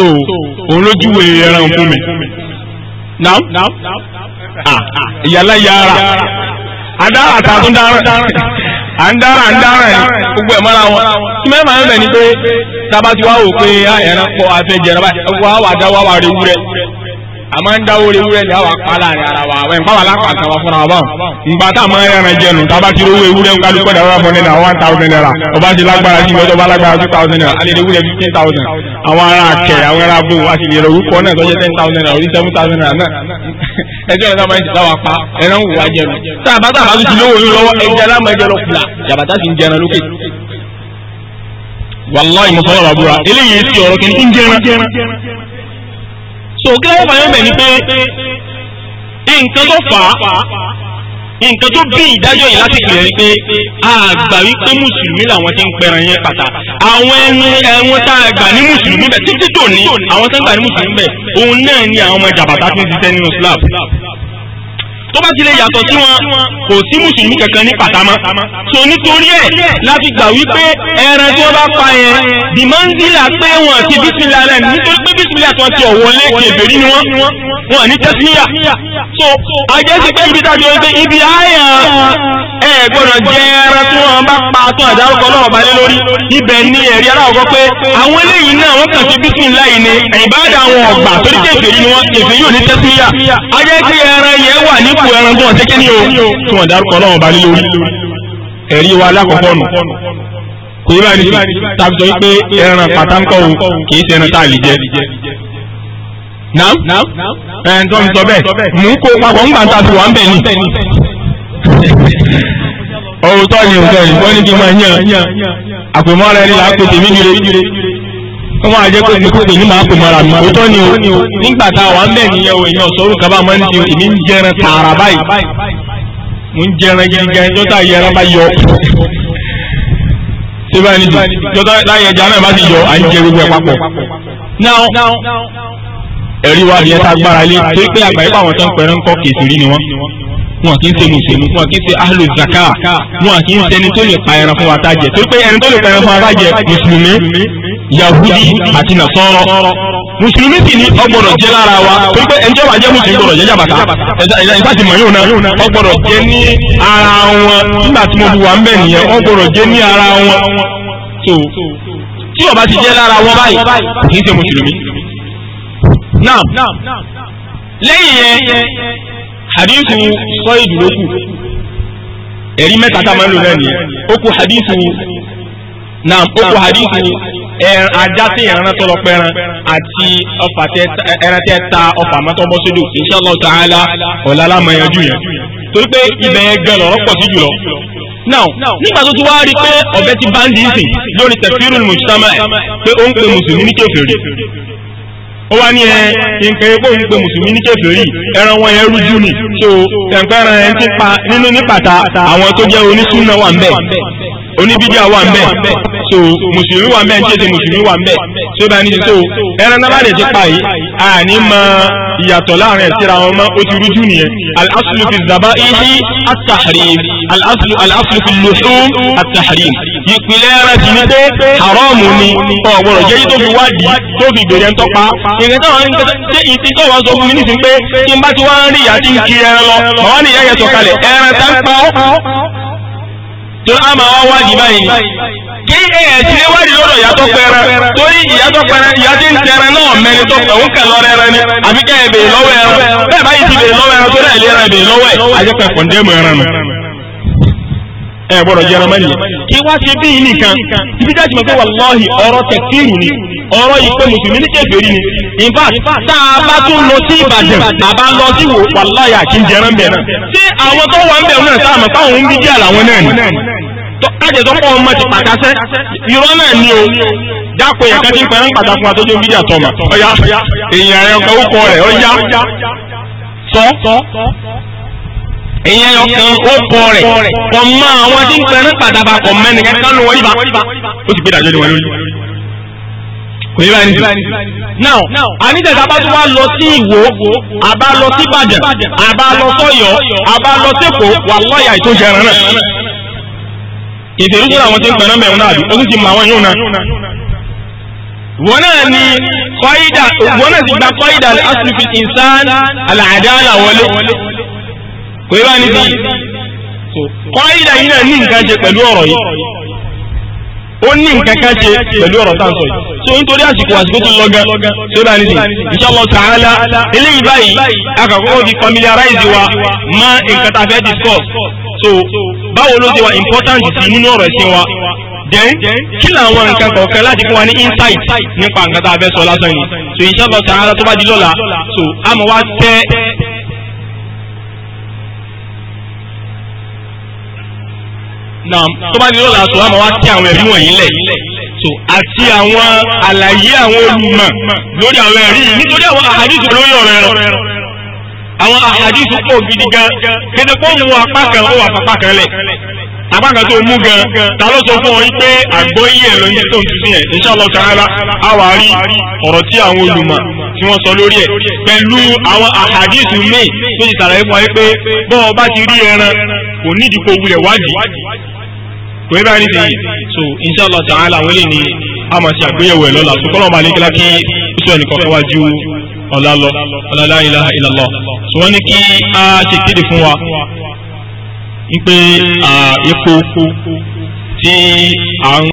so òun ló júwe ẹran fún mi naam ah, ah ìyàlá yàrá adára tá a tún dára à ń dára à ń dára ẹ gbogbo ẹ mọ́ra wọn tí mẹ́rin máa ń bẹ̀ ni pé tábà tí pé ah, ẹran pọ̀ afẹ́jẹ̀rẹ̀ báyìí wàá wà dá wàá wà rẹ̀ wúrẹ́ a máa ń dáwó lé wúrẹ́ lẹ́wà pa láàrin ara wa àwọn ìpáwà lápá àtàwọn wa fúnra wa báwọn. ìgbà tá a máa ń yára jẹnu tábà ti rówó ewúrẹ́ ń kálukọ́ dàrú àbọ̀ nínú àwọn one thousand naira ọba ti lágbára sí ọjọ́ bá lágbára two thousand naira alẹ́ ewúrẹ́ ten thousand àwọn ará kẹ̀ àwọn ará bò wá sí ìrẹ̀rù kọ́ náà tọ́jú ten thousand naira orí seven thousand naira náà ẹjọ́ ìta máa ń ṣètà wa pa ẹran wù wá jẹnu tábà tábà tó ti lówó yín lọ́wọ́ ẹjẹ́ alámọ̀ẹ́jẹ́ lọ fìlà jàbàtà sì ń so kí fàyọ́ mẹ́ pé nǹkan tó fà á nǹkan tó bí ìdájọ́ yìí láti pè é pé àgbà wípé mùsùlùmí làwọn ti ń pẹran yẹn pàtà àwọn ẹni ẹwọn tá a gbà ní mùsùlùmí bẹ títí tòní àwọn tá a gbà ní mùsùlùmí bẹ òun náà ni àwọn ọmọ jàbàtà ti ń ṣiṣẹ́ nínú slab tó bá ti lè yàtọ̀ sí wọn kò sí mùsùlùmí kankan ní pàtàmọ́ so nítorí ẹ̀ láti gbà wípé ẹran tí wọ́n bá pa yẹn dìmọ́ńdìlà pé wọn ti bísímìlà rẹ̀ nítorí pé bísímìlà tí wọ́n ti ọ̀wọ́ lé kèbèrè ni wọ́n wọn ní tẹ́síníyà so àjẹsí pé ibi tájú wípé ibi àyà ẹ gbọ́dọ̀ jẹ ẹran tí wọ́n bá pa tó àdárúkọ náà balẹ̀ lórí ibẹ̀ ni ẹ̀rí aláwọ̀ pé àwọn eléyìí náà wọ́n kàn sí bísímìlà yìí ni ìbáàdà àwọn ọ̀gbà torí kèbèrè ni wọ́n kèbèrè yóò ní tẹ́síníyà àjẹsí ẹran yẹn wà nípa kú ẹran tó wọn ṣe kí ni o tí wọn dárúkọ Ọlọ́run bá nílò ẹ̀rí wa alákọ̀ọ́kọ́ nù kò yí báyìí tàbí sọ wípé ẹran pàtàkọ́ o kì í ṣe ẹran tá a lè jẹ naam ẹ̀ ń tọ́ mi sọ bẹ́ẹ̀ mú kó papọ̀ ń gbà ń ta ti wà ń bẹ̀ ni òótọ́ ni òótọ́ ni wọ́n ní kí n máa yàn àpòmọ́ra ẹni là á pè tèmi jure wọ́n máa jẹ́ pé kókó tèmi máa pè mọ́ra mi òótọ́ ni o nígbà tá a wà ń bẹ̀ nìyẹn o èèyàn sọ̀rọ̀ kaba máa ń di èmi ń jẹran tààrà báyìí mo ń jẹran gidigan jọ́tà yẹran bá yọ síbẹ̀ ni jọ́tà láyé ẹja náà bá ti yọ à ń jẹ gbogbo ẹ̀ papọ̀. now ẹ̀rí wa nìyẹn tá a gbára lé torí pé àgbáyé pàwọn tó ń pẹ̀rẹ́ ń kọ́ kèsìrí ni wọ́n wọn kì í ṣe mùsùlùmí wọn kì í ṣe ahlu zaka wọn kì í ṣe ẹni tó lè pa ẹran fún wa tá a jẹ torí pé ẹni tó lè pa ẹran fún wa tá a jẹ mùsùlùmí yahudi àti nasọrọ musulumi si ni ọgbọ́dọ̀ jẹ́ lára wa torí pé ẹnjọba jẹ́ mùsùlùmí gbọ́dọ̀ jẹ́ jàbàtà ẹ̀dá ti mọ̀ yóò na ọgbọ́dọ̀ jẹ́ ní ara wọn nígbà tí mo bu wà ń bẹ̀ nìyẹn ọgbọ́dọ̀ jẹ́ ní ara wọn so tí ọba bá ti jẹ́ lára wọn báyìí kò kí ń ṣe mùsùlùmí. náà lẹ́yìn yẹn hadithu sọ ìdúrókù ẹ̀rí mẹ́ta tá a máa ń lò náà nìyẹn ó kú hadithu náà ó kú hadithu ajá tí ìran tó lọ pẹran àti ọfà tẹ ẹran tẹ ta ọfà mọ́tọ́ bọ́ sódò inshallah ta'ala ọ̀la lámọ̀yanjú yẹn torí pé ibẹ̀ yẹn gan lọ́rọ́ pọ̀ sí jùlọ. now nígbà tó tún wá rí i pé ọ̀bẹ ti bá ń di ìsìn lórí tafsirul mujtama ẹ̀ pé ó ń pe mùsùlùmí ní kèfèrí ó wá ní ẹ nǹkan epo ń pe mùsùlùmí ní kèfèrí ẹran wọn yẹn rújú ni so ẹ̀ǹkan ẹran ẹ̀ ń ti pa nínú ní pàtà àwọn tó jẹ́ onísùnnà wà ń bẹ̀ oníbídíà wà ń bẹ so mùsùlùmí wà ń bẹ ń tètè mùsùlùmí wà ń bẹ tí ó bá ní so ẹran náà bá lè ti pa yìí àní mọ ìyàtọ̀ láàrin ẹ̀sìn àwọn ọmọ ó ti rújú nìyẹn al-aslu fi dhabaihi at-tahrim al-aslu al-aslu fi luhum at-tahrim ìpìlẹ̀ ẹran ti ní pé haramu ni ọ̀gbọ̀rọ̀ jẹ́ yìí tó fi wádìí tó fi gbèrè ń tọ́pa ìrìn táwọn ìtì tó wọ́n sọ fún mi nísìnyí pé kí n bá ti wá rí ìyá tí ń kiri ẹran lọ màá ní ìyá yẹn tó a máa wá wádìí báyìí kí èèyàn ti lé wádìí lọ́dọ̀ ìyá tó pẹrẹ torí ìyá tó pẹrẹ ìyá tí ń tẹrẹ náà mẹni tó pẹ òun kà ebe rẹrẹ ni àbí kẹ́ ẹ bèrè lọ́wọ́ ẹran bẹ́ẹ̀ báyìí ti lọ́wọ́ ẹran tó ẹran lọ́wọ́ ẹran ibi dájú pé ọrọ ni yìí pé mùsùlùmí ní ni in lọ sí ìbàdàn bàbá lọ sí àjẹsọ́pọ̀ ọmọ ti pàkásẹ́ irọ́ náà ni o dákun ẹ̀ka tí ń pẹ̀lú pàtàkì fún àtọ́jú bídíà tọ́mà ọ̀yá èèyàn rẹ̀ ọkọ̀ òkọ̀ rẹ̀ ọ̀yá sọ èèyàn rẹ̀ ọkàn òkọ̀ rẹ̀ kọ̀ mọ́ àwọn tí ń pẹ̀lú pàtàkì kọ̀ mẹ́ni kẹ́kẹ́ ló wọ́n yíba ó ti gbé dàjọ́ ni wọ́n lórí kò yíba ẹni sí. now àníjẹ̀dá bá tún wá lọ sí ìwò àbá lọ sí ìbàdàn àbá lọ sọ́yọ́ àbá lọ sẹ́kọ̀ọ́ wà lọ́ọ̀yà ìtòjẹ̀rán náà ìtẹ̀rú tó làwọn tí ń gbẹ̀rán mẹ́rin náà bí ó sì ti mọ àwọn yóò náà wọ́n náà ni kọ́ídà wọ́n náà sì gba kọ́ídà asùnfì ìsán àlàádáàlà wọlé kò yíwá níbi kọ́ídà yìí náà ní nǹkan ṣe pẹ̀lú ọ̀rọ̀ yìí ó ní nǹkan kan ṣe pẹ̀lú ọ̀rọ̀ táǹsọ̀ yìí so nítorí àsìkò àsìkò tó lọ́gán tó bá nídìí inshallah ta'ala eléyìí báyìí akàkọ́kọ́ di familiarize wa mọ́ nǹkan tá a fẹ́ discuss so báwo ló ṣe wà important sí nínú ọ̀rọ̀ ẹ̀sìn wa then kí làwọn nǹkan kọ̀ọ̀kan láti fún wa ní insight nípa nǹkan tá a fẹ́ sọ lásán ni so inshallah ta'ala tó bá di lọ́la so a mọ̀ wá tẹ́ naam tó bá di lọ́la so a mọ̀ wá tẹ́ àwọn ẹ̀rí wọ̀nyí lẹ̀ so àti àwọn àlàyé àwọn olùmọ̀ lórí àwọn ẹ̀rí nítorí àwọn àhàdìsọ lórí ọ̀rọ̀ ẹ̀rọ àwọn àhàdìsù pọ̀ gidi gan kéde pọ́ mu apá kan ó wà pápá kan lẹ̀ apá kan tó mú gan ta ló sọ fún ọ yín pé àgbọ̀ yíyẹ ló ń yẹ tó ń tu sí yẹn inshallah ta'ala a wà rí ọ̀rọ̀ tí àwọn olùmọ̀ tí wọ́n sọ lórí ẹ̀ pẹ̀lú àwọn àhàdìsù míì tó ti sàlàyé fún wa yín pé bọ́ ọ bá ti rí ẹran kò nídìí kó wulẹ̀ wádìí kò ní báyìí nìyí so inshallah ta'ala àwọn eléyìí ni a máa ṣe àgbéyẹ̀wò ẹ̀ lọ́la ọ̀la lọ ọ̀la ilaha illallah so wọ́n ní kí a ṣe kéde fún wa wípé epo tí à ń